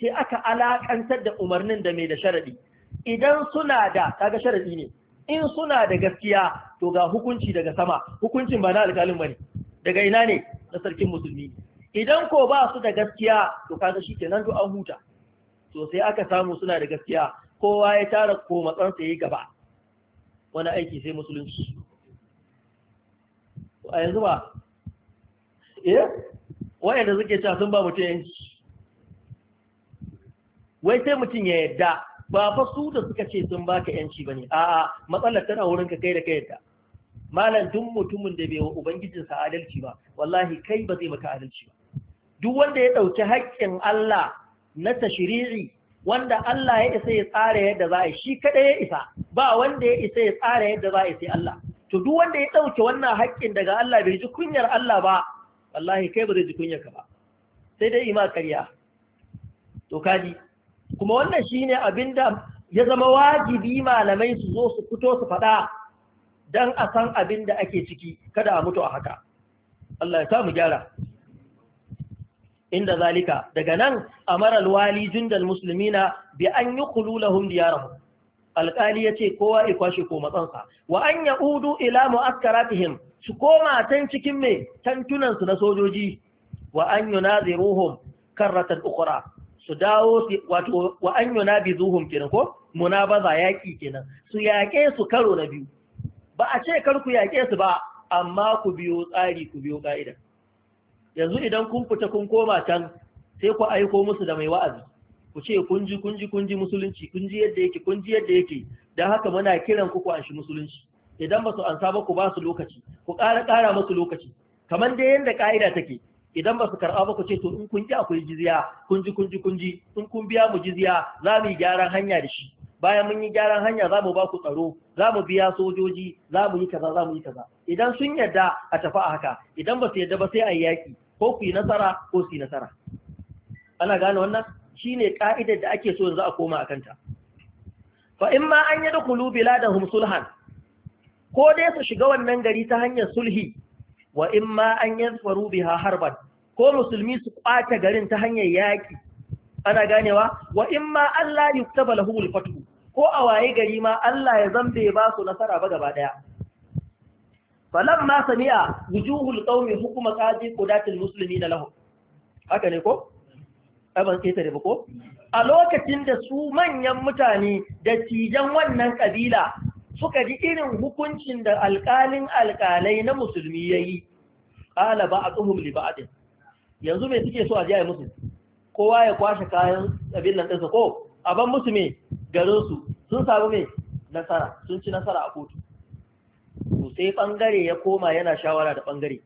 sai aka alakantar da umarnin da mai da sharadi. idan suna da kaga sharadi ne in suna da gaskiya to ga hukunci daga sama hukuncin ba na alƙalin bane daga ina ne na sarkin musulmi idan ko ba su da gaskiya to kaga kenan to an huta to sai aka samu suna da gaskiya kowa ya tara ko matsansa yi gaba wani aiki sai musulunci a yanzu ba eh wayanda suke cewa sun ba mutum yanci wai sai mutum ya yadda ba fa su da suka ce sun baka yanci bane a'a matsalar tana wurin ka kai da kai yadda malam duk mutumin da bai wa ubangijinsa adalci ba wallahi kai ba zai maka adalci ba duk wanda ya ɗauki haƙƙin Allah na tashiri'i wanda Allah ya isa ya tsara yadda za a shi kaɗai ya isa ba wanda ya isa ya tsara yadda za a sai Allah to duk wanda ya ɗauke wannan haƙƙin daga Allah bai ji kunyar Allah ba wallahi kai ba zai ji kunyar ka ba sai dai ima karya to kaji kuma wannan shi ne abin da ya zama wajibi malamai su zo su fito su faɗa don a san abin da ake ciki kada a mutu a haka Allah ya samu gyara inda zalika daga nan amara alwali jundal muslimina bi an kululahun lahum Alkali ya yace kowa ya kwashe ko matsansa wa an yaudu ila mu'askaratihim su koma tan cikin mai tantunansu su na sojoji wa an yunaziruhum karratan ukhra su dawo wato wa an yunabizuhum kenan ko munabaza yaƙi kenan su yaƙe su karo na biyu ba a ce kar ku yaƙe su ba amma ku biyo tsari ku biyo ƙa'ida. yanzu idan kun fita kun koma can sai ku aiko musu da mai wa'azi ku ce kun ji kun ji kun ji musulunci kun ji yadda yake kun ji yadda yake dan haka muna kiran ku ku anshi musulunci idan ba su ansa ba ku ba su lokaci ku ƙara ƙara musu lokaci kamar dai yanda ka'ida take idan ba su karɓa ba ku ce to in kun ji akwai jizya kun ji kun ji kun ji in kun biya mu jizya za mu yi gyaran hanya da shi bayan mun yi gyaran hanya za mu ba ku tsaro za mu biya sojoji za mu yi kaza za mu yi kaza idan sun yarda a tafi a haka idan ba su yarda ba sai a yi yaƙi ko ku yi nasara ko su yi nasara ana gane wannan shine ƙa'idar da ake so za a koma a kanta fa in ma an yi da Kulu Bila da sulhan ko dai su shiga wannan gari ta hanyar sulhi wa in ma an yi yadfaru biha harbar, ko musulmi su ƙwace garin ta hanyar yaƙi. ana ganewa wa in ma Allah yuktaba lahumul fathu ko a waye gari ma Allah ya zambe ba su nasara ba gaba ɗaya. falamma sami'a wujuhul qaumi hukuma qadi qudatul muslimina lahu haka ne ko aban keta da ko a lokacin da su manyan mutane da tijan wannan kabila suka ji irin hukuncin da alkalin alkalai na musulmi yayi qala ba'dhum li ba'd yanzu me suke so a ji musu kowa ya kwashe kayan kabilan ɗinsa ko aban musu me garin su sun samu me nasara sun ci nasara a kotu sai ɓangare ya koma yana shawara da ɓangare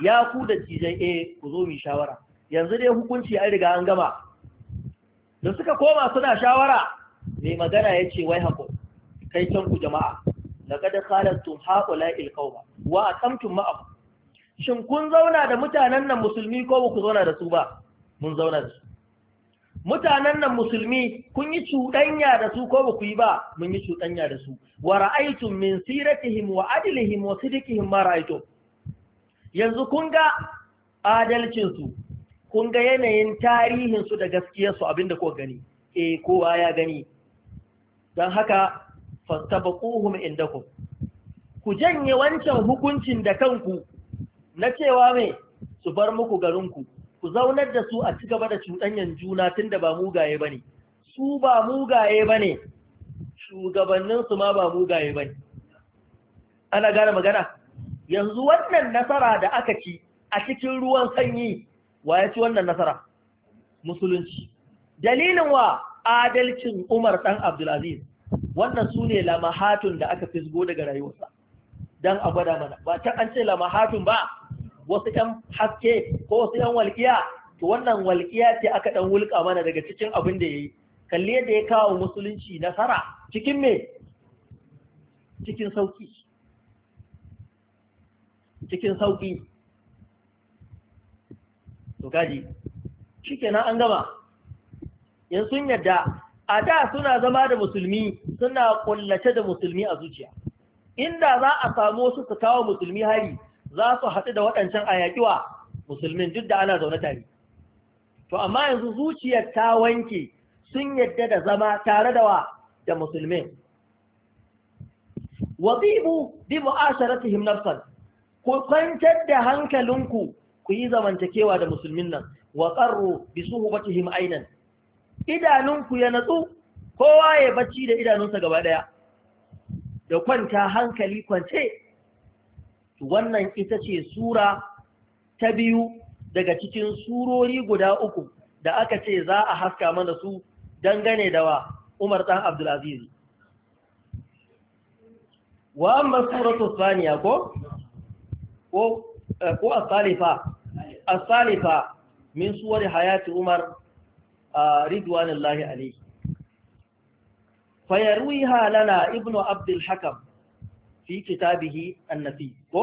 ya ku da cijai e ku zo mu shawara yanzu dai hukunci an riga an gama da suka koma suna shawara mai magana ya ce wai hako. kai can ku jama'a laqad khalantum haula il qawma wa aqamtum ma'ahum shin kun zauna da mutanen nan musulmi ko ba ku zauna da su ba mun zauna da su mutanen nan musulmi kun yi cuɗanya da su ko ba ku yi ba mun yi cuɗanya da su wa ra'aytum min siratihim wa adlihim wa sidqihim ma ra'aytum yanzu kun ga adalcin su kun ga yanayin tarihin su da gaskiyar su abinda ko gani eh kowa ya gani dan haka fastabaquhum indakum ku janye wancan hukuncin da kanku na cewa me su bar muku garinku ku zaunar da su a ci gaba da cuɗanyan juna tunda ba mugaye ba ne su ba mugaye ba ne shugabanninsu ma ba mugaye ba ne ana gane magana yanzu wannan nasara da aka ci a cikin ruwan sanyi wa ya ci wannan nasara musulunci dalilin wa adalcin umar ɗan abdulaziz wannan su ne lamahatun da aka fisgo daga rayuwarsa don a gwada mana ba ta an ce lamahatun ba wasu ‘yan haske ko wasu ‘yan walƙiya to wannan walƙiya ce aka ɗan wulƙa mana daga cikin abin da ya yi kalli yadda ya kawo musulunci nasara cikin me cikin sauƙi cikin sauƙi to kaji shi kenan an gama in sun yadda a da suna zama da musulmi suna kullace da musulmi a zuciya inda za a samu wasu su kawo musulmi hari za su haɗu da waɗancan a yaƙiwa musulmin duk da ana zaune tare to amma yanzu zuciyar ta wanke sun yadda da zama tare da wa da musulmin wazibu bi mu'asharatihim himnarsan, ku kwantar da hankalinku ku yi zamantakewa da musulmin nan wa qarru bi suhbatihim him'ainan. idanunku ya natsu kowa ya bacci da idanunsa gaba ɗaya. da kwanta hankali kwance wannan ita ce sura ta biyu daga cikin surori guda uku da aka ce za a haska mana su dangane da wa Umar ɗan Abdulaziz. Wa amma suratu saniya ko? Ko eh, salifa As-salifa min suwar hayati Umar ridwanullahi alayhi. Fayaruha lana Ibnu Abdul Hakam fi kitabihi annafi ko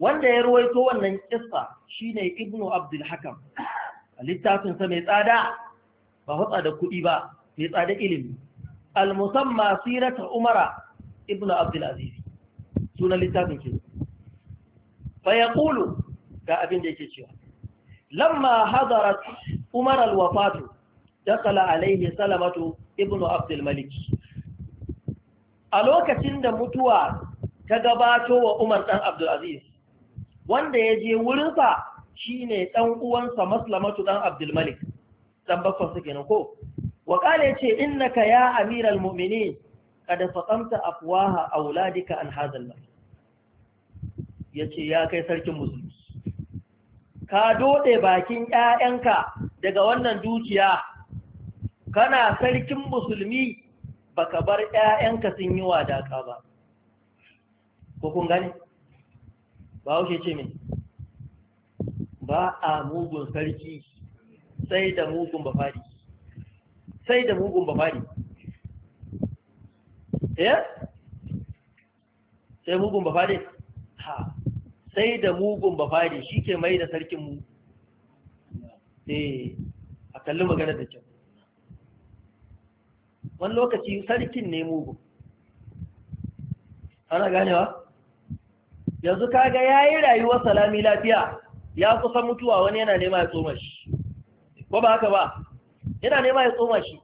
wanda ya ruwaito wannan kissa shine ibnu abdul hakam littafin sa mai tsada ba hutsa da kuɗi ba mai tsada ilimi al musamma sirata umara ibnu abdul aziz sunan littafin ke fa yaqulu ga abin da yake cewa lamma hadarat umar al wafatu dakala alaihi salamatu ibnu abdul malik a lokacin da mutuwa ta gabato wa Umar ɗan Abdulaziz, wanda ya je wurinsa shi ne ɗan uwansa Maslamatu ɗan Abdulmalik, ɗan bakon suke ko. Waƙala ya ce, Innaka ya amiral mu'mini, da faƙamta afuwaha a wuladika an hazan Ya ce, Ya kai sarkin musulmi, ka doɗe bakin ‘ya'yanka daga wannan dukiya, kana sarkin musulmi Ba ka bar ‘ya'yanka sun yi wadaka ba. ko kun gane ba wuce ce mai ba a mugun sarki sai da mugun bafari sai da mugun bafari eh sai mugun bafari ha sai da mugun bafari shi ke mai da sarkin mu eh a kalli magana da kyau wani lokaci sarkin ne mugun ana ganewa yanzu kaga yayi rayuwar salami lafiya ya kusa mutuwa wani yana nema ya tsoma shi ko ba haka ba yana nema ya tsoma shi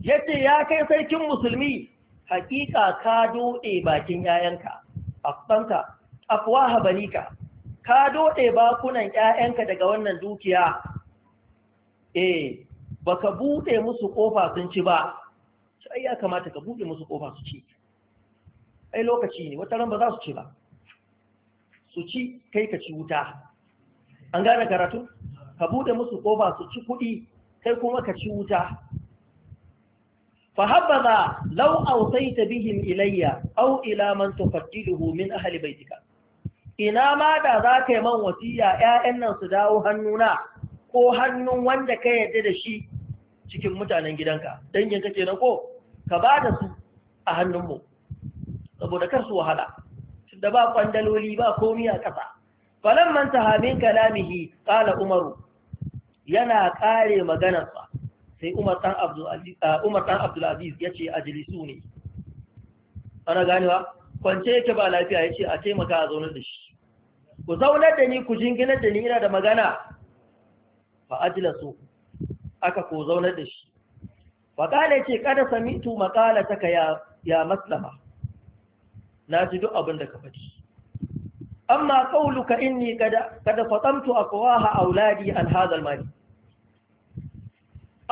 yace ya kai sarkin musulmi hakika ka dode bakin yayanka afdanka afwaha banika ka dode bakunan yayanka daga wannan dukiya eh baka bude musu kofa sun ci ba ai ya kamata ka bude musu kofa su ci ai lokaci ne wata ran ba za su ci ba su ci kai ka ci wuta an gane karatu ka bude musu koba su ci kuɗi kai kuma ka ci wuta fa habbaza law awsayta bihim ilayya aw ila man tufaddiluhu min ahli baitika ina ma da za ka yi man wasiya 'ya'yan nan su dawo hannuna ko hannun wanda ka yadda da shi cikin mutanen gidanka dangin ka na ko ka ba da su a hannunmu saboda kar su wahala da ba kwandaloli ba komi a ƙasa Falon manta hamin kalamihi ƙala umaru yana ƙare maganarsa sai umar ɗan abdulaziz ya ce a jilisu ne ana ganewa kwance yake ba lafiya ya ce a taimaka a zaunar da shi ku zaunar da ni ku jinginar da ni ina da magana fa ajila so aka ko zaunar da shi fa kala ce kada samitu ta ka ya maslama na ji duk abin da ka faɗi amma qauluka inni kada kada fatamtu aqwaha auladi an hadha almali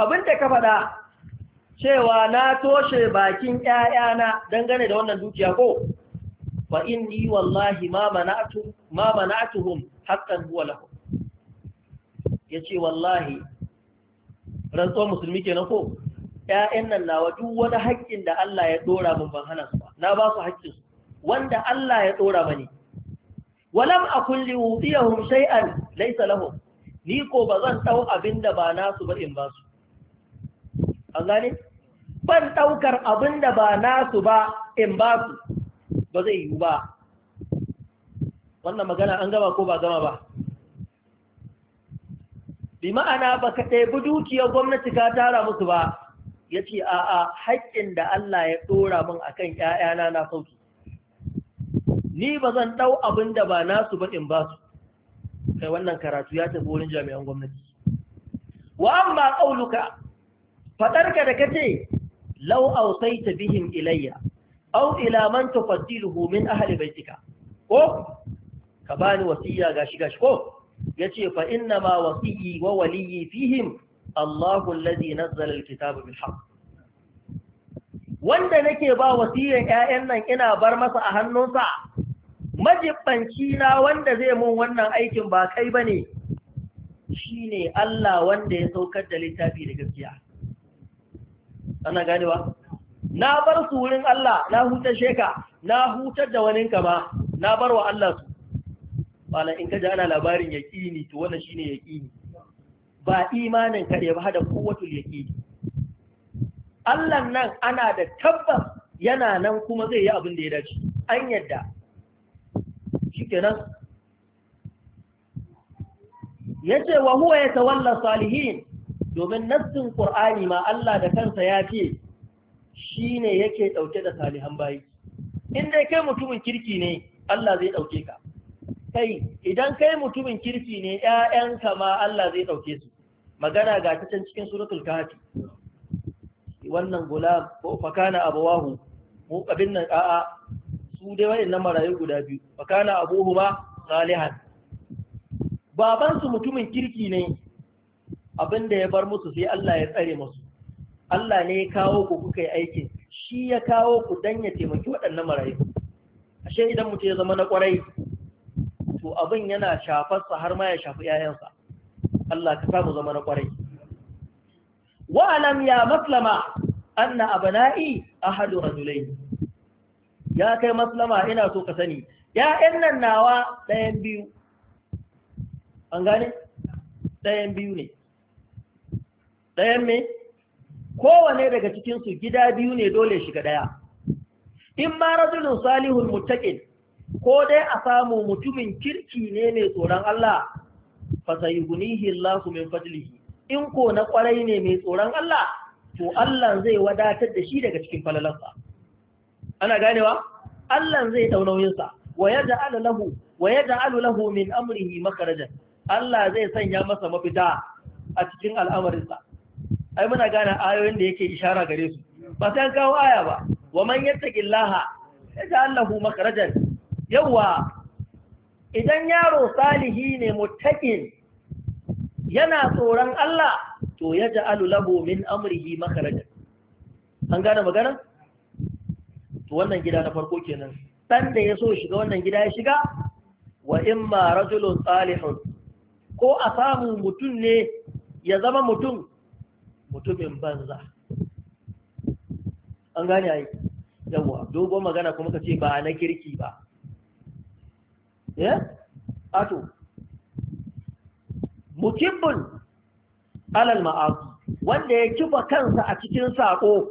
abin da ka faɗa cewa na toshe bakin ƴaƴana dangane da wannan dukiya ko fa inni wallahi ma mana'tu ma mana'tuhum haqqan huwa lahum yace wallahi rantsuwar musulmi kenan ko ƴaƴan nan nawa duk wani haƙƙin da Allah ya dora mun ban hana su ba na ba su wanda Allah ya tsora mani walam akun li utiyahum shay'an laysa lahum ni ko ba zan dau abinda ba nasu ba in ba su an gane ban daukar abinda ba nasu ba in ba su ba zai yi ba wannan magana an gama ko ba gama ba bi ma'ana ba ka ɗebi dukiyar gwamnati ka tara musu ba ya ce a'a haƙƙin da Allah ya ɗora min akan 'ya'yana na sauki ni ba zan ɗau abin da ba nasu ba in ba su kai wannan karatu ya tafi wurin jami'an gwamnati wa amma qauluka fadarka da kace law bi him ilayya Au ila man tufaddiluhu min ahli baitika ko ka bani wasiya gashi gashi ko yace fa inna ma wasiyyi wa waliyyi fihim Allahu lazi nazzala kitabu bil haqq wanda nake ba wasiyan ƴaƴan nan ina bar masa a hannunsa majibanci na wanda zai mun wannan aikin ba kai bane shine Allah wanda ya saukar da littafi da gaskiya ana ganewa na bar su wurin Allah na hutar sheka na hutar da wani kama na bar wa Allah su malam in ka ji ana labarin yaqini to wannan shine yaqini ba imanin kare ba hada kuwatul yaqini Allah nan ana da tabbas yana nan kuma zai yi abin da ya dace an yadda shikenan ce wa huwa tawalla salihin domin nassin ƙur'ani ma Allah da kansa ya ce shi ne yake ɗauke da salihan bayi in dai kai mutumin kirki ne Allah zai ɗauke ka kai idan kai mutumin kirki ne 'ya'yanka ma Allah zai ɗauke su magana ga cikin cikin suratul kafi wannan gulam ko fakana abawahu mu abin nan a'a su dai wayannan marayu guda biyu fakana abuhuma salihan baban su mutumin kirki ne Abinda ya bar musu sai Allah ya tsare musu Allah ne ya kawo ku kuka yi aikin shi ya kawo ku dan ya taimaki waɗannan marayu ashe idan mutum ya zama na kwarai to abin yana shafarsa har ma ya shafi 'ya'yansa Allah ka samu zama na kwarai alam ya maslama anna abana'i ahadu rajulayn ya kai maslama ina so ka sani ya'yan nan nawa ɗayan biyu an gane ɗayan biyu ne ɗayan me kowane daga cikin su gida biyu ne dole shiga ɗaya in ma rajulun salihun muttaqin ko dai a samu mutumin kirki ne mai tsoron Allah fa sayghunihi Allahu min fadlihi in ko na kwarai ne mai tsoron Allah to Allah zai wadatar da shi daga cikin falalansa ana ganewa Allah zai dau nauyinsa wa yaj'alu lahu wa yaj'alu lahu min amrihi makharajan Allah zai sanya masa mafita a cikin sa ai muna gane ayoyin da yake isharar gare su ba sai kawo aya ba wa man yattaqillaha yaj'al lahu makharajan yawa idan yaro salihi ne muttaqin yana tsoron Allah to ya ja'alu lahu min amrihi makharajan an gane magana to wannan gida na farko kenan ɗan da ya so shiga wannan gida ya shiga wa imma rajulun tsalihun ko a samu mutum ne ya zama mutum mutumin banza an gane yi yawa dogon magana kuma ka ce ba na kirki ba ya eh? ato mukibbun alal ma'asu wanda ya kifa kansa a cikin sako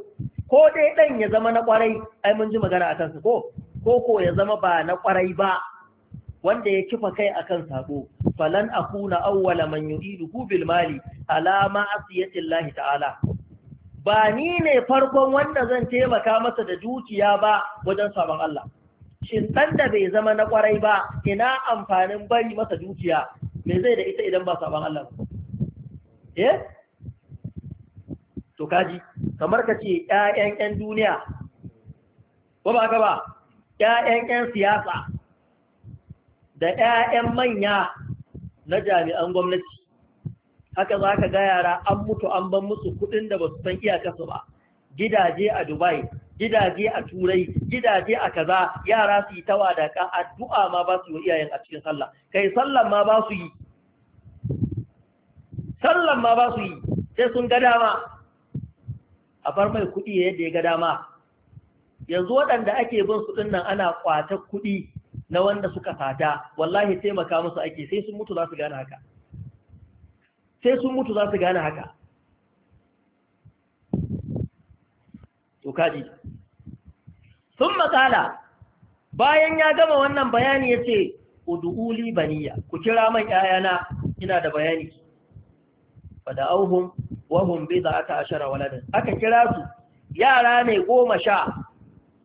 ko dai ɗan ya zama na kwarai ai mun ji magana akan kansa," ko ko ko ya zama ba na kwarai ba wanda ya kifa kai akan sako falan akuna awwala man yu'iduhu bil mali ala ma'asiyati ta'ala ba ni ne farkon wanda zan taimaka masa da dukiya ba wajen sabon Allah shin dan da bai zama na kwarai ba ina amfanin bari masa dukiya me zai da ita idan ba sabon Allah ba eh to kaji kamar ka ce ƴaƴan ƴan duniya ko ba ka ba ƴaƴan ƴan siyasa da 'ya'yan manya na jami'an gwamnati haka za ka ga yara an mutu an ban musu kuɗin da ba su san iyakarsu ba gidaje a dubai gidaje a turai gidaje a kaza yara su yi ta wadaka addu'a ma ba su yi iyayen a cikin sallah kai sallah ma ba su yi sallan ma ba su yi sai sun ga dama a bar mai kuɗi yadda ya ga dama yanzu waɗanda ake bin su ɗin nan ana kwata kuɗi na wanda suka fata wallahi taimaka musu ake sai sun mutu za su gane haka sai sun mutu za su gane haka kaji sun matsala. bayan ya gama wannan bayani ya ce udu'uli baniya ku kira mai 'ya'yana ina da bayani fada'auhum wa hum bid'ata ashara waladan aka kira su yara ne goma sha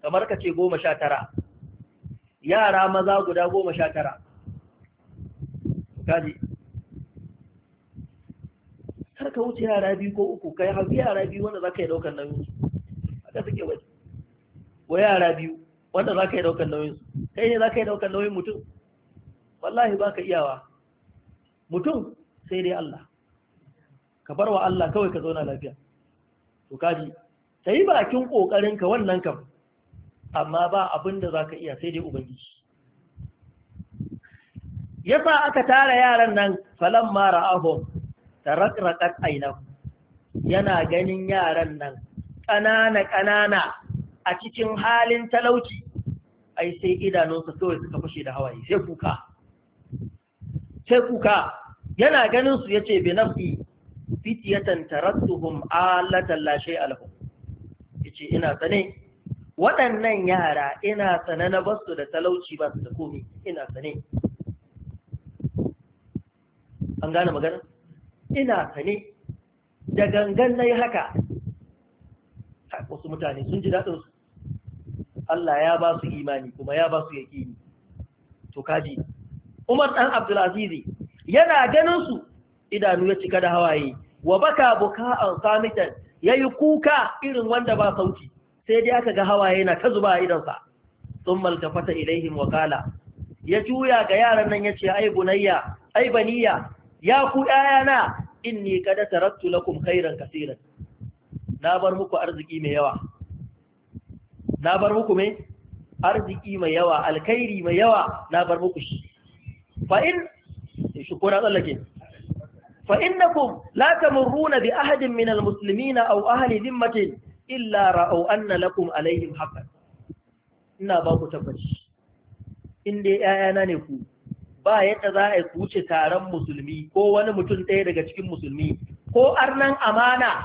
kamar ka ce goma sha tara yara maza guda goma sha tara kaji har ka wuce yara biyu ko uku kai hau yara biyu wanda za ka yi daukar nauyinsu aka suke waje wa yara biyu wanda za ka yi daukar nauyinsu kai ne za ka yi daukar nauyin mutum wallahi ba ka iyawa mutum sai dai Allah ka bar wa Allah kawai ka zauna lafiya to kaji ka yi bakin ƙoƙarinka wannan kam amma ba abin da za ka iya sai dai ubangiji yasa aka tara yaran nan falan mara ahun tarakrakat aina yana ganin yaran nan ƙanana ƙanana a cikin halin talauci ai sai idanunsa kawai suka fashe da hawaye sai kuka sai kuka yana ganin su ce bi nafsi fitiyatan tarattuhum alatan la shay'a lahum yace ina sane waɗannan yara ina sane na basu da talauci ba su da komai ina sane an gane magana ina sane da gangan nayi haka wasu mutane sun ji daɗin su Allah ya ba su imani kuma ya ba su yaƙini to kaji Umar ɗan Abdulaziz yana ganin su idanu ya cika da hawaye wa baka an samitan yayi kuka irin wanda ba sauti sai dai aka ga hawaye na ta zuba a idansa ta fata ilaihim wa kala ya juya ga yaran nan yace ai bunayya ai baniya ya ku ayana inni kada tarattu lakum khairan kaseeran na bar muku arziki mai yawa na bar muku me arziki mai yawa alkhairi mai yawa na bar muku shi fa in shukura tsallake فإنكم لا تمرون بأحد من المسلمين أو أهل ذمة إلا رأوا أن لكم عليهم حقا إنا باكو تبش إن دي آيانا نكو ba yadda za a wuce taron musulmi ko wani mutum ɗaya daga cikin musulmi ko arnan amana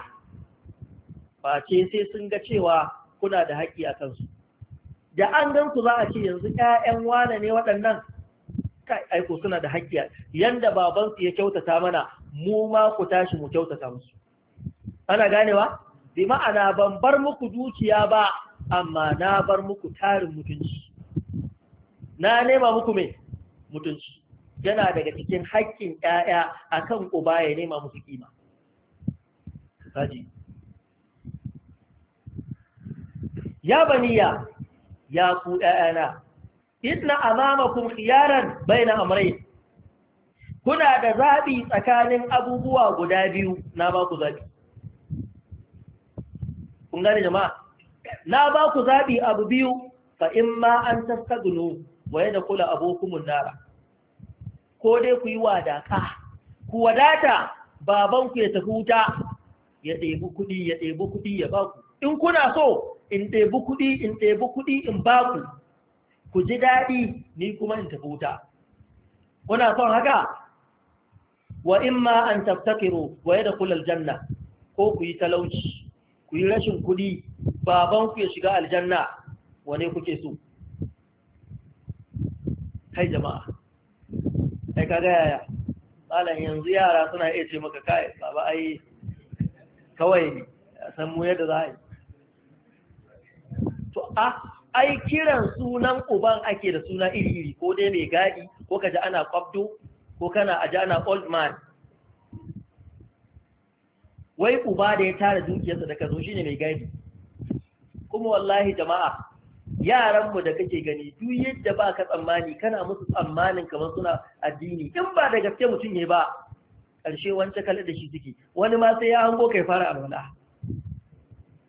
ba sai sun ga cewa kuna da haƙƙi a kansu da an gan su za a ce yanzu 'ya'yan wane ne waɗannan kai aiko suna da hakkiya yanda babansu ya kyautata mana mu ma ku tashi mu kyautata musu ana ganewa bi ma'ana ban bar muku dukiya ba amma na bar muku tarin mutunci na nema muku me mutunci yana daga cikin hakkin ƴaƴa akan uba ya nema musu kima kaji ya baniya ya ku ƴaƴana inna amamakum khiyaran baina amrayn kuna da zabi tsakanin abubuwa guda biyu na ba ku zabi kun gane jama'a na ba ku zabi abu biyu fa imma an tastagnu wa yadkhulu abukumun nara ko dai ku yi wadaka ku wadata baban ku ya tafi wuta ya ɗebi kuɗi ya ɗebi kuɗi ya baku in kuna so in ɗebi kuɗi in ɗebi kuɗi in baku ku ji daɗi ni kuma in tafi wuta kuna son haka wa ma an taftakiru wa kula aljanna ko ku yi talauci ku yi rashin kuɗi baban ya shiga aljanna wane kuke so kai jama'a kai kaga yaya malam yanzu yara suna iya ce maka kai baba ai kawai ne san mu yadda za a yi to a ah, ai kiran sunan uban ake da suna iri-iri ko dai mai gadi ko kaji ana kwabdo ko kana aji ana old man wai uba da ya tara dukiyarsa da kazo shine mai gadi kuma wallahi jama'a yaranmu da kake gani duk yadda ba ka tsammani kana musu tsammanin kamar suna addini in ba da gaske mutum ne ba ƙarshe wancan kalle da shi ciki wani ma sai ya hango kai fara alwala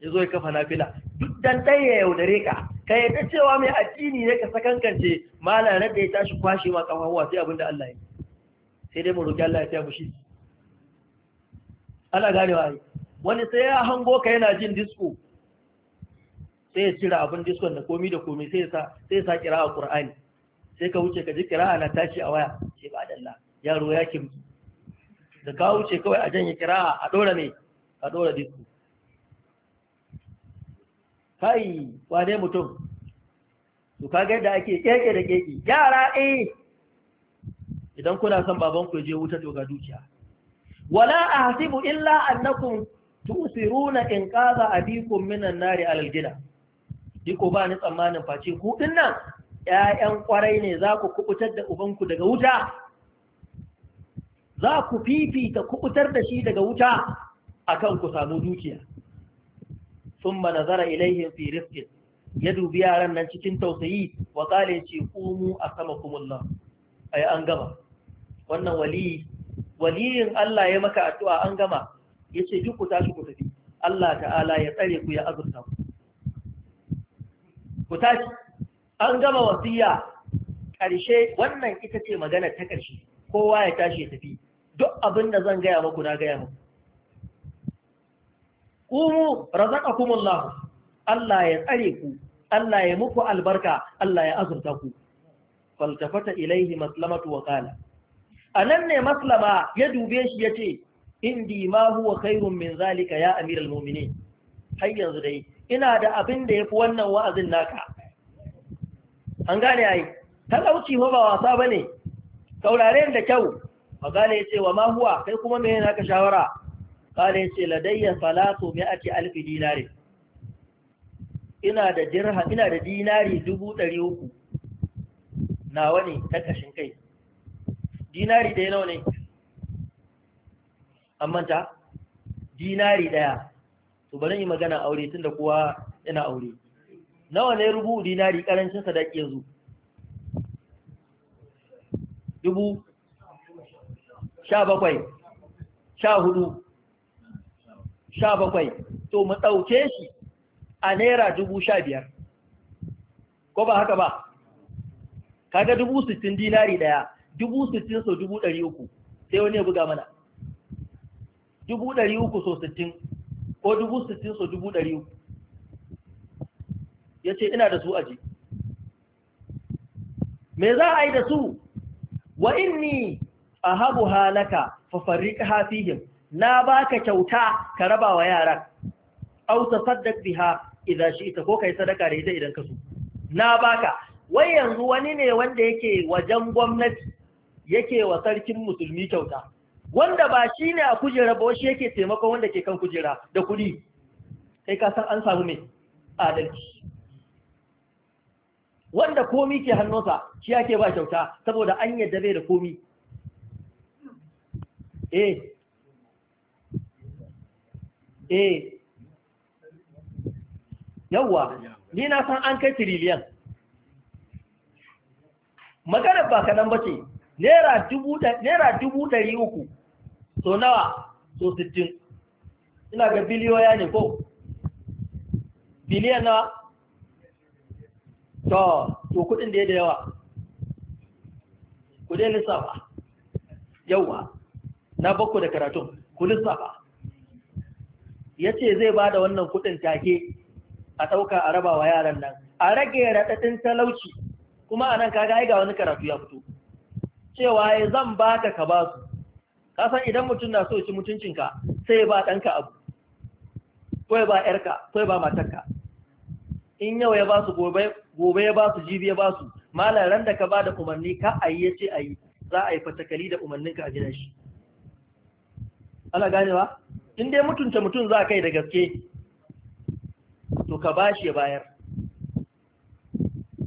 ya zo ya kafa nafila duk dan ɗaya ya yaudare ka ka ta cewa mai addini ne ka sakankance malam da ya tashi kwashe ma hawa sai abinda Allah ya sai dai mu roki Allah ya tafi shi ana ganewa ai wani sai ya hango ka yana jin disko sai ya cira abin diskon da komi da komi sai sa sai sa kira a Qur'ani sai ka wuce ka ji kira ana tashi a waya sai ba dalla yaro ya kimki da ka wuce kawai a janye kira a dora ne a dora disko kai wane mutum to ga yadda ake keke da keke yara eh idan kuna son baban ku je wuta to ga dukiya wala ahsibu illa annakum tusiruna inqaza abikum minan nari alal gida diko ba ni tsammanin face ku dinnan ƴaƴan kwarai ne za ku kubutar da ubanku daga wuta za ku fifita kubutar da shi daga wuta akan ku samu dukiya thumma nazara ilaihim fi ya dubi yaran nan cikin tausayi wa kale ce kumu a sama kumulla wannan waliyi waliyin Allah ya maka addu'a an gama yace duk ku tashi ku tafi Allah ta'ala ya tsare ku ya azurta ku ku tashi an gama wasiya ƙarshe wannan ita ce magana ta ƙarshe kowa ya tashi ya tafi duk abin da zan gaya muku na gaya muku kumun lahu. Allah ya tsare ku Allah ya muku albarka Allah ya azurta ku faltafata ilaihi maslamatu wa qala anan ne maslama ya dube shi yace indi ma huwa khairun min zalika ya amiral mu'minin har yanzu dai ina da abin da fi wannan wa'azin naka an gane ai talauci ba wasa bane sauraren da kyau magana yace wa ma huwa kai kuma me yana ka shawara قال ان لدي صلاه 100 الف دينار ina da jirha ina da dinari nawa ne ta kashin kai dinari da yana ne amma ta dinari daya to bari yi magana aure tunda kowa yana aure nawa ne rubu dinari karancin sa da ke yanzu dubu 17 14 sha bakwai to mu ɗauke shi a naira dubu sha biyar ko ba haka ba kaga dubu sittin dinari ɗaya dubu sittin sau dubu ɗari uku sai wani ya buga mana dubu ɗari uku sau sittin ko dubu sittin sau dubu ɗari uku ya ce ina da su aji me za a yi da su wa inni a habu halaka fafarriƙa hafihim na baka kyauta ka raba wa yaran au tasaddaq biha idan shi ita ko kai sadaka da ita idan ka so na baka wai yanzu wani ne wanda yake wajen gwamnati yake wa sarkin musulmi kyauta wanda ba shi ne a kujera ba shi yake taimakon wanda ke kan kujera da kuɗi sai ka san an samu mai adalci wanda komi ke hannunsa shi yake ba kyauta saboda an yadda bai da komi eh eh yawwa ni na san an kai tiriliyan maganar ba kaɗan ba ce naira dubu ɗari uku so nawa so sittin ina ga biliyoya ne ko biliyan na to to kudin da ya da yawa kudin lissafa yawa na bakku da karatun ku lissafa ya ce zai ba da wannan kuɗin take a ɗauka a raba wa yaran nan a rage raɗaɗin talauci kuma a nan kaga ai ga wani karatu ya fito cewa ya eh, zan ba ka ka ba su kasan idan mutum na so ci mutuncinka sai ba ɗanka abu kawai ba ‘yarka kawai ba matarka in yau ya ba su gobe ya ba su jibi ya ba su malaran da ka ba da umarni ka a yi ya ce a yi za a yi fatakali da umarninka a gidan shi ana ganewa in dai mutunta mutum za kai da gaske to ka ba shi bayar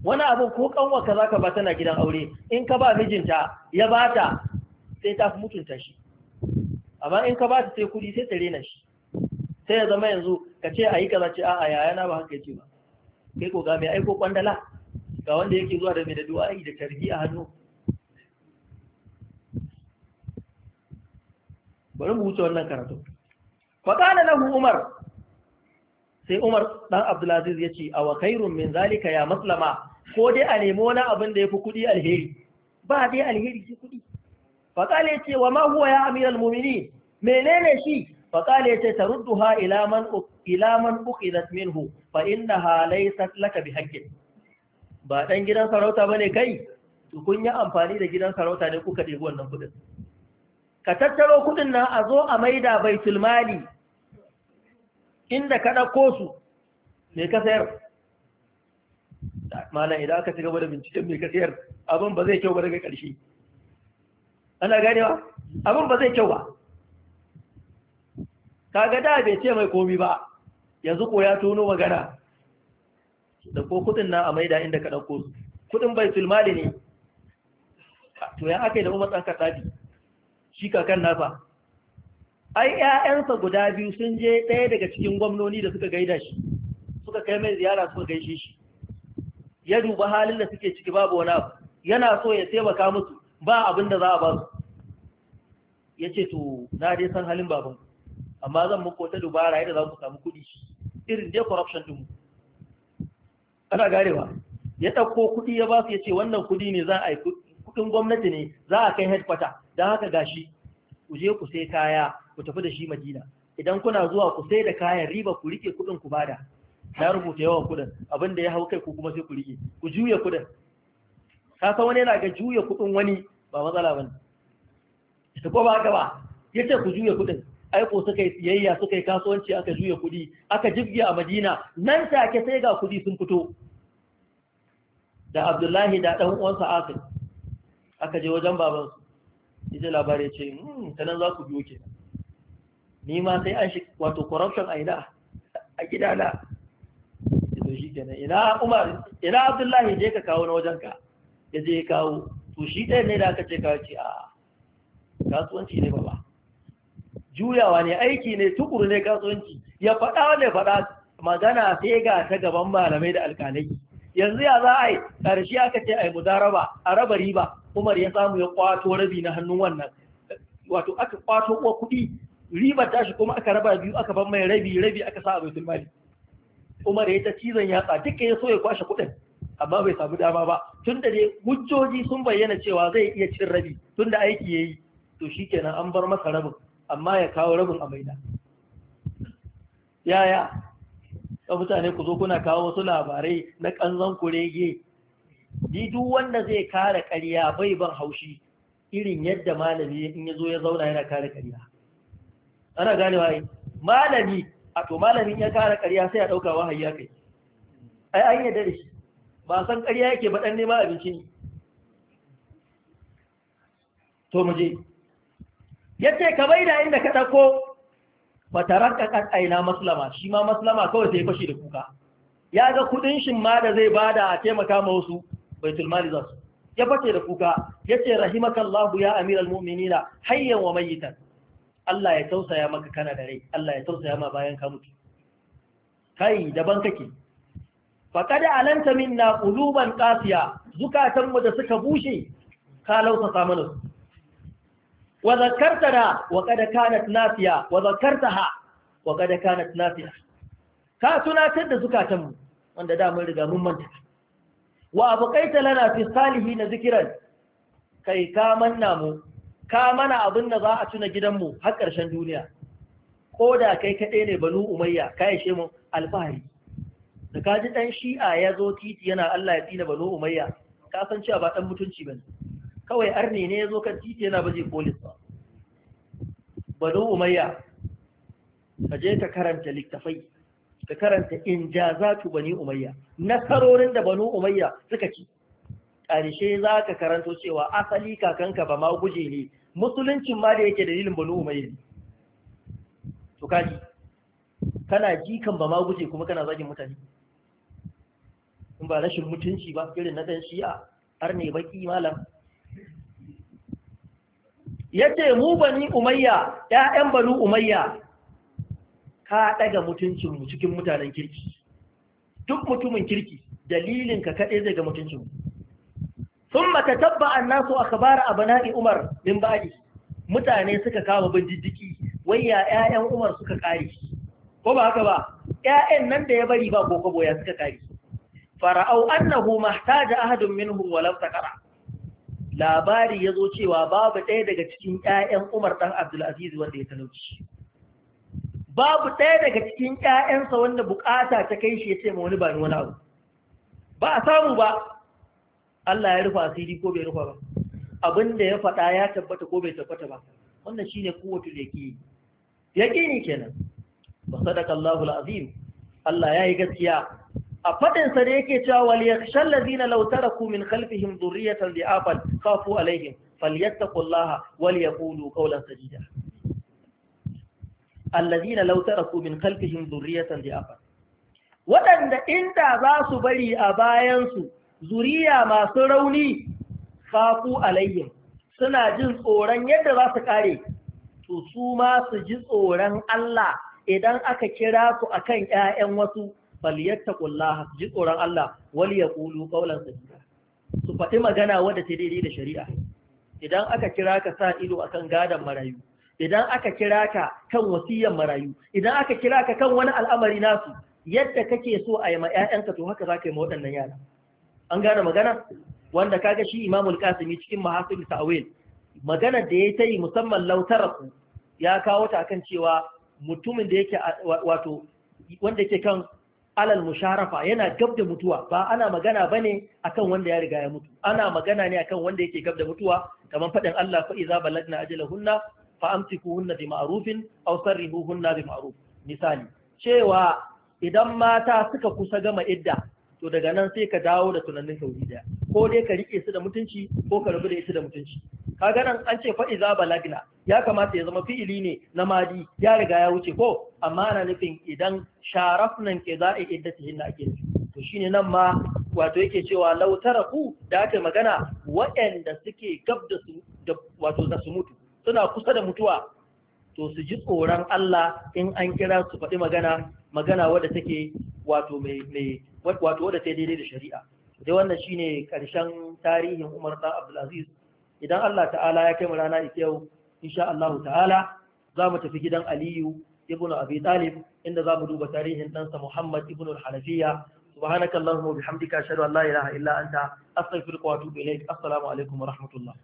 wani abin ko kanwarka za ka ba tana gidan aure in ka ba mijinta ya ba ta sai ta fi mutunta shi amma in ka ba ta sai kudi sai ta na shi sai ya zama yanzu ka ce a yi kaza ce a'a yaya na ba haka yake ba kai ko ga mai aiko kwandala ga wanda yake zuwa da mai da du'a da tarbi a hannu bari mu wuce wannan karatu faƙala na umar sai umar ɗan abdulaziz ya ce a wa khairun min zalika ya maslama ko dai a nemi wani abin da ya fi kuɗi alheri ba dai alheri shi kuɗi faƙala ya ce wa ma huwa ya amiral mumini menene shi faƙala ya ce ta rudduha ila man uqidat minhu fa innaha laysat laka bi haqqin ba ɗan gidan sarauta bane kai to kun yi amfani da gidan sarauta ne kuka ɗebi wannan kuɗin ka tattaro kuɗin nan a zo a maida baitul mali inda ka ɗauko su me ka sayar malam idan aka ci gaba da binciken me ka sayar abin ba zai kyau ba daga ƙarshe ana ganewa abin ba zai kyau ba ga da bai ce mai komi ba yanzu ko ya tono magana da ko kudin na a maida inda ka ɗauko su kudin bai sulmali ne to ya aka yi da umar ɗan kaɗaɗi shi kakan nafa ai ƴaƴansa guda biyu sun je ɗaya daga cikin gwamnoni da suka gaida shi suka kai mai ziyara suka gaishe shi ya duba halin da suke ciki babu wani abu yana so ya taimaka musu ba abin da za a ba su ya ce to na dai san halin baban amma zan muku wata dubara yadda za ku samu kuɗi irin dai corruption din ana garewa ya ɗauko kuɗi ya ba su ya ce wannan kuɗi ne za a yi kuɗin gwamnati ne za a kai headquarter don haka gashi ku je ku sai kaya ku tafi da shi madina idan kuna zuwa ku sai da kayan riba ku rike kudin ku bada na rubuta yawan kuɗin abin da ya hau kai ku kuma sai ku rike ku juya kuɗin ka san wani yana ga juya kuɗin wani ba matsala bane ita ko ba haka ba yace ku juya kuɗin ko suka yi siyayya suka kasuwanci aka juya kuɗi aka jibge a madina nan take sai ga kuɗi sun fito da abdullahi da dan uwansa asir aka je wajen babansu ita labari ya ce ta hmm, nan za ku biyo ke ni ma sai an shi wato corruption a ina a gida na ito shi kenan ina umar ina abdullahi je ka kawo na wajen ka ya je ya kawo to shi ɗaya ne da aka ce kawo ce a kasuwanci ne baba juyawa ne aiki ne tukuru ne kasuwanci ya faɗa wanda ya faɗa magana sai ga ta gaban malamai da alƙalai yanzu ya za a yi ƙarshe aka ce a yi mudaraba a raba riba umar ya samu ya kwato rabi na hannun wannan wato aka kwato kuwa kuɗi ribar tashi kuma aka raba biyu aka ban mai rabi rabi aka sa abin mali umar ya ta cizon yatsa duka ya so ya kwashe kuɗin amma bai samu dama ba tun da hujjoji sun bayyana cewa zai iya cin rabi tun da aiki ya yi to shikenan an bar masa rabin amma ya kawo rabin a maida yaya ɗan mutane ku zo kuna kawo wasu labarai na ƙanzan kurege ni duk wanda zai kare ƙarya bai ban haushi irin yadda malami in ya zo ya zauna yana kare ƙarya ana gane yi malami a to malamin ya kare ƙarya sai a ɗauka wahayi ya kai ai an yadda da shi ba san ƙarya yake ba ɗan nema abinci ne to mu je yace ka bai da inda ka ɗauko fataraka katsaina maslama shi ma maslama kawai sai fashi da kuka ya ga kudin shin ma da zai bada a taimaka ma wasu baitul mali zasu ya bace da kuka ya yace rahimakallahu ya amiral mu'minina hayyan wa mayitan Allah ya tausaya maka kana da rai Allah ya tausaya ma bayan ka mutu kai daban kake faqad alanta minna quluban qasiya zukatanmu da suka bushe ka lausa mana su wa zakartana wa kada kanat nafiya wa zakartaha wa kada ka tunatar da zukatanmu wanda da mun riga mun manta wa abqaita lana fi salihin zikran kai ka manna mu ka mana abin da za a tuna gidanmu har ƙarshen duniya ko da kai kaɗai ne banu umayya ka yashe mu alfahari da kaji ɗan shi'a ya zo titi yana Allah ya tsina banu umayya ka san cewa ba ɗan mutunci ba ne kawai arne ne ya zo kan titi yana ba zai polis ba bado umayya ka je ka karanta littafai ka karanta injazatu bani umayya nasarorin da banu umayya suka ci ƙarshe za ka karanto cewa asali kakanka ba ma guje ne musuluncin ma da yake dalilin banu umayya ne su kaji kana jikan ba ma guje kuma kana zagin mutane in ba rashin mutunci ba irin na ɗan shi'a har ne baki malam yace mu bani umayya 'ya'yan banu umayya ka daga mutuncin mu cikin mutanen kirki duk mutumin kirki dalilin ka kaɗai zai ga mutuncin mu thumma tatabba an-nasu akhbara abna'i umar min ba'di mutane suka kama bin diddiki wai ya ƴaƴan umar suka kare ko ba haka ba ƴaƴan nan da ya bari ba ko kabo ya suka kare fara'au annahu mahtaja ahadun minhum wa lam labari ya zo cewa babu ɗaya daga cikin ‘ya'yan Umar ɗan Abdulaziz wanda ya talauci. Babu ɗaya daga cikin ‘ya'yansa wanda buƙata ta kai shi ya ce ma wani ba wani abu. Ba a samu ba, Allah ya rufe asiri ko bai rufa ba. Abin da ya faɗa ya tabbata ko bai tabbata ba. Wannan shine kowace yake Yaƙini kenan. Ba sadaka Allahu azim Allah ya yi gaskiya a fadin sa da yake cewa wal yakhshal ladina law taraku min khalfihim dhurriyatan dhi'afan khafu alaihim falyattaqullaha wal yaqulu qawlan sadida alladina law taraku min khalfihim dhurriyatan dhi'afan wadanda inda za su bari a bayan su zuriya masu rauni khafu alaihim suna jin tsoron yadda za su kare to su ma su ji tsoron Allah idan aka kira su akan ƴaƴan wasu falyattaqullaha ji tsoron Allah wal yaqulu qawlan sadida su faɗi magana wadda ta daidai da shari'a idan aka kira ka sa ido akan gadan marayu idan aka kira ka kan wasiyan marayu idan aka kira ka kan wani al'amari nasu yadda kake so a yi ma 'ya'yanka to haka za ka yi ma waɗannan yara an gane magana wanda kaga shi imamul kasimi cikin mahasil tawil magana da ya yi musamman lautaraku ya kawo ta kan cewa mutumin da yake wato wanda yake kan alal musharafa yana gab da mutuwa ba ana magana bane akan wanda ya riga ya mutu ana magana ne akan wanda yake gab da mutuwa kamar faɗin Allah fa iza balagna ajalahunna fa hunna bi ma'rufin aw hunna bi ma'ruf misali cewa idan mata suka kusa gama idda to daga nan sai ka dawo da tunanin daya, ko dai ka rike su da mutunci ko ka rabu da su da mutunci kaga nan an ce fa'iza balagna ya kamata ya zama fi'ili ne na madi ya riga ya wuce ko amma ana nufin idan sharafnan ke za'i iddatihin da ake nufi to shine nan ma wato yake cewa lautara ku da aka magana wa'anda suke gab da su wato za su mutu suna kusa da mutuwa to su ji tsoron Allah in an kira su faɗi magana magana wadda take wato mai wato wadda ta daidai da shari'a dai wannan shine karshen tarihin Umar dan Abdulaziz idan Allah ta'ala ya kai mu rana ita yau insha Allah ta'ala za mu tafi gidan Aliyu ibn Abi Talib inda za mu duba tarihin ɗansa Muhammad ibn al-Hanafiya subhanakallahumma wa bihamdika ashhadu an la ilaha illa anta astaghfiruka wa atubu ilayk assalamu alaikum wa rahmatullah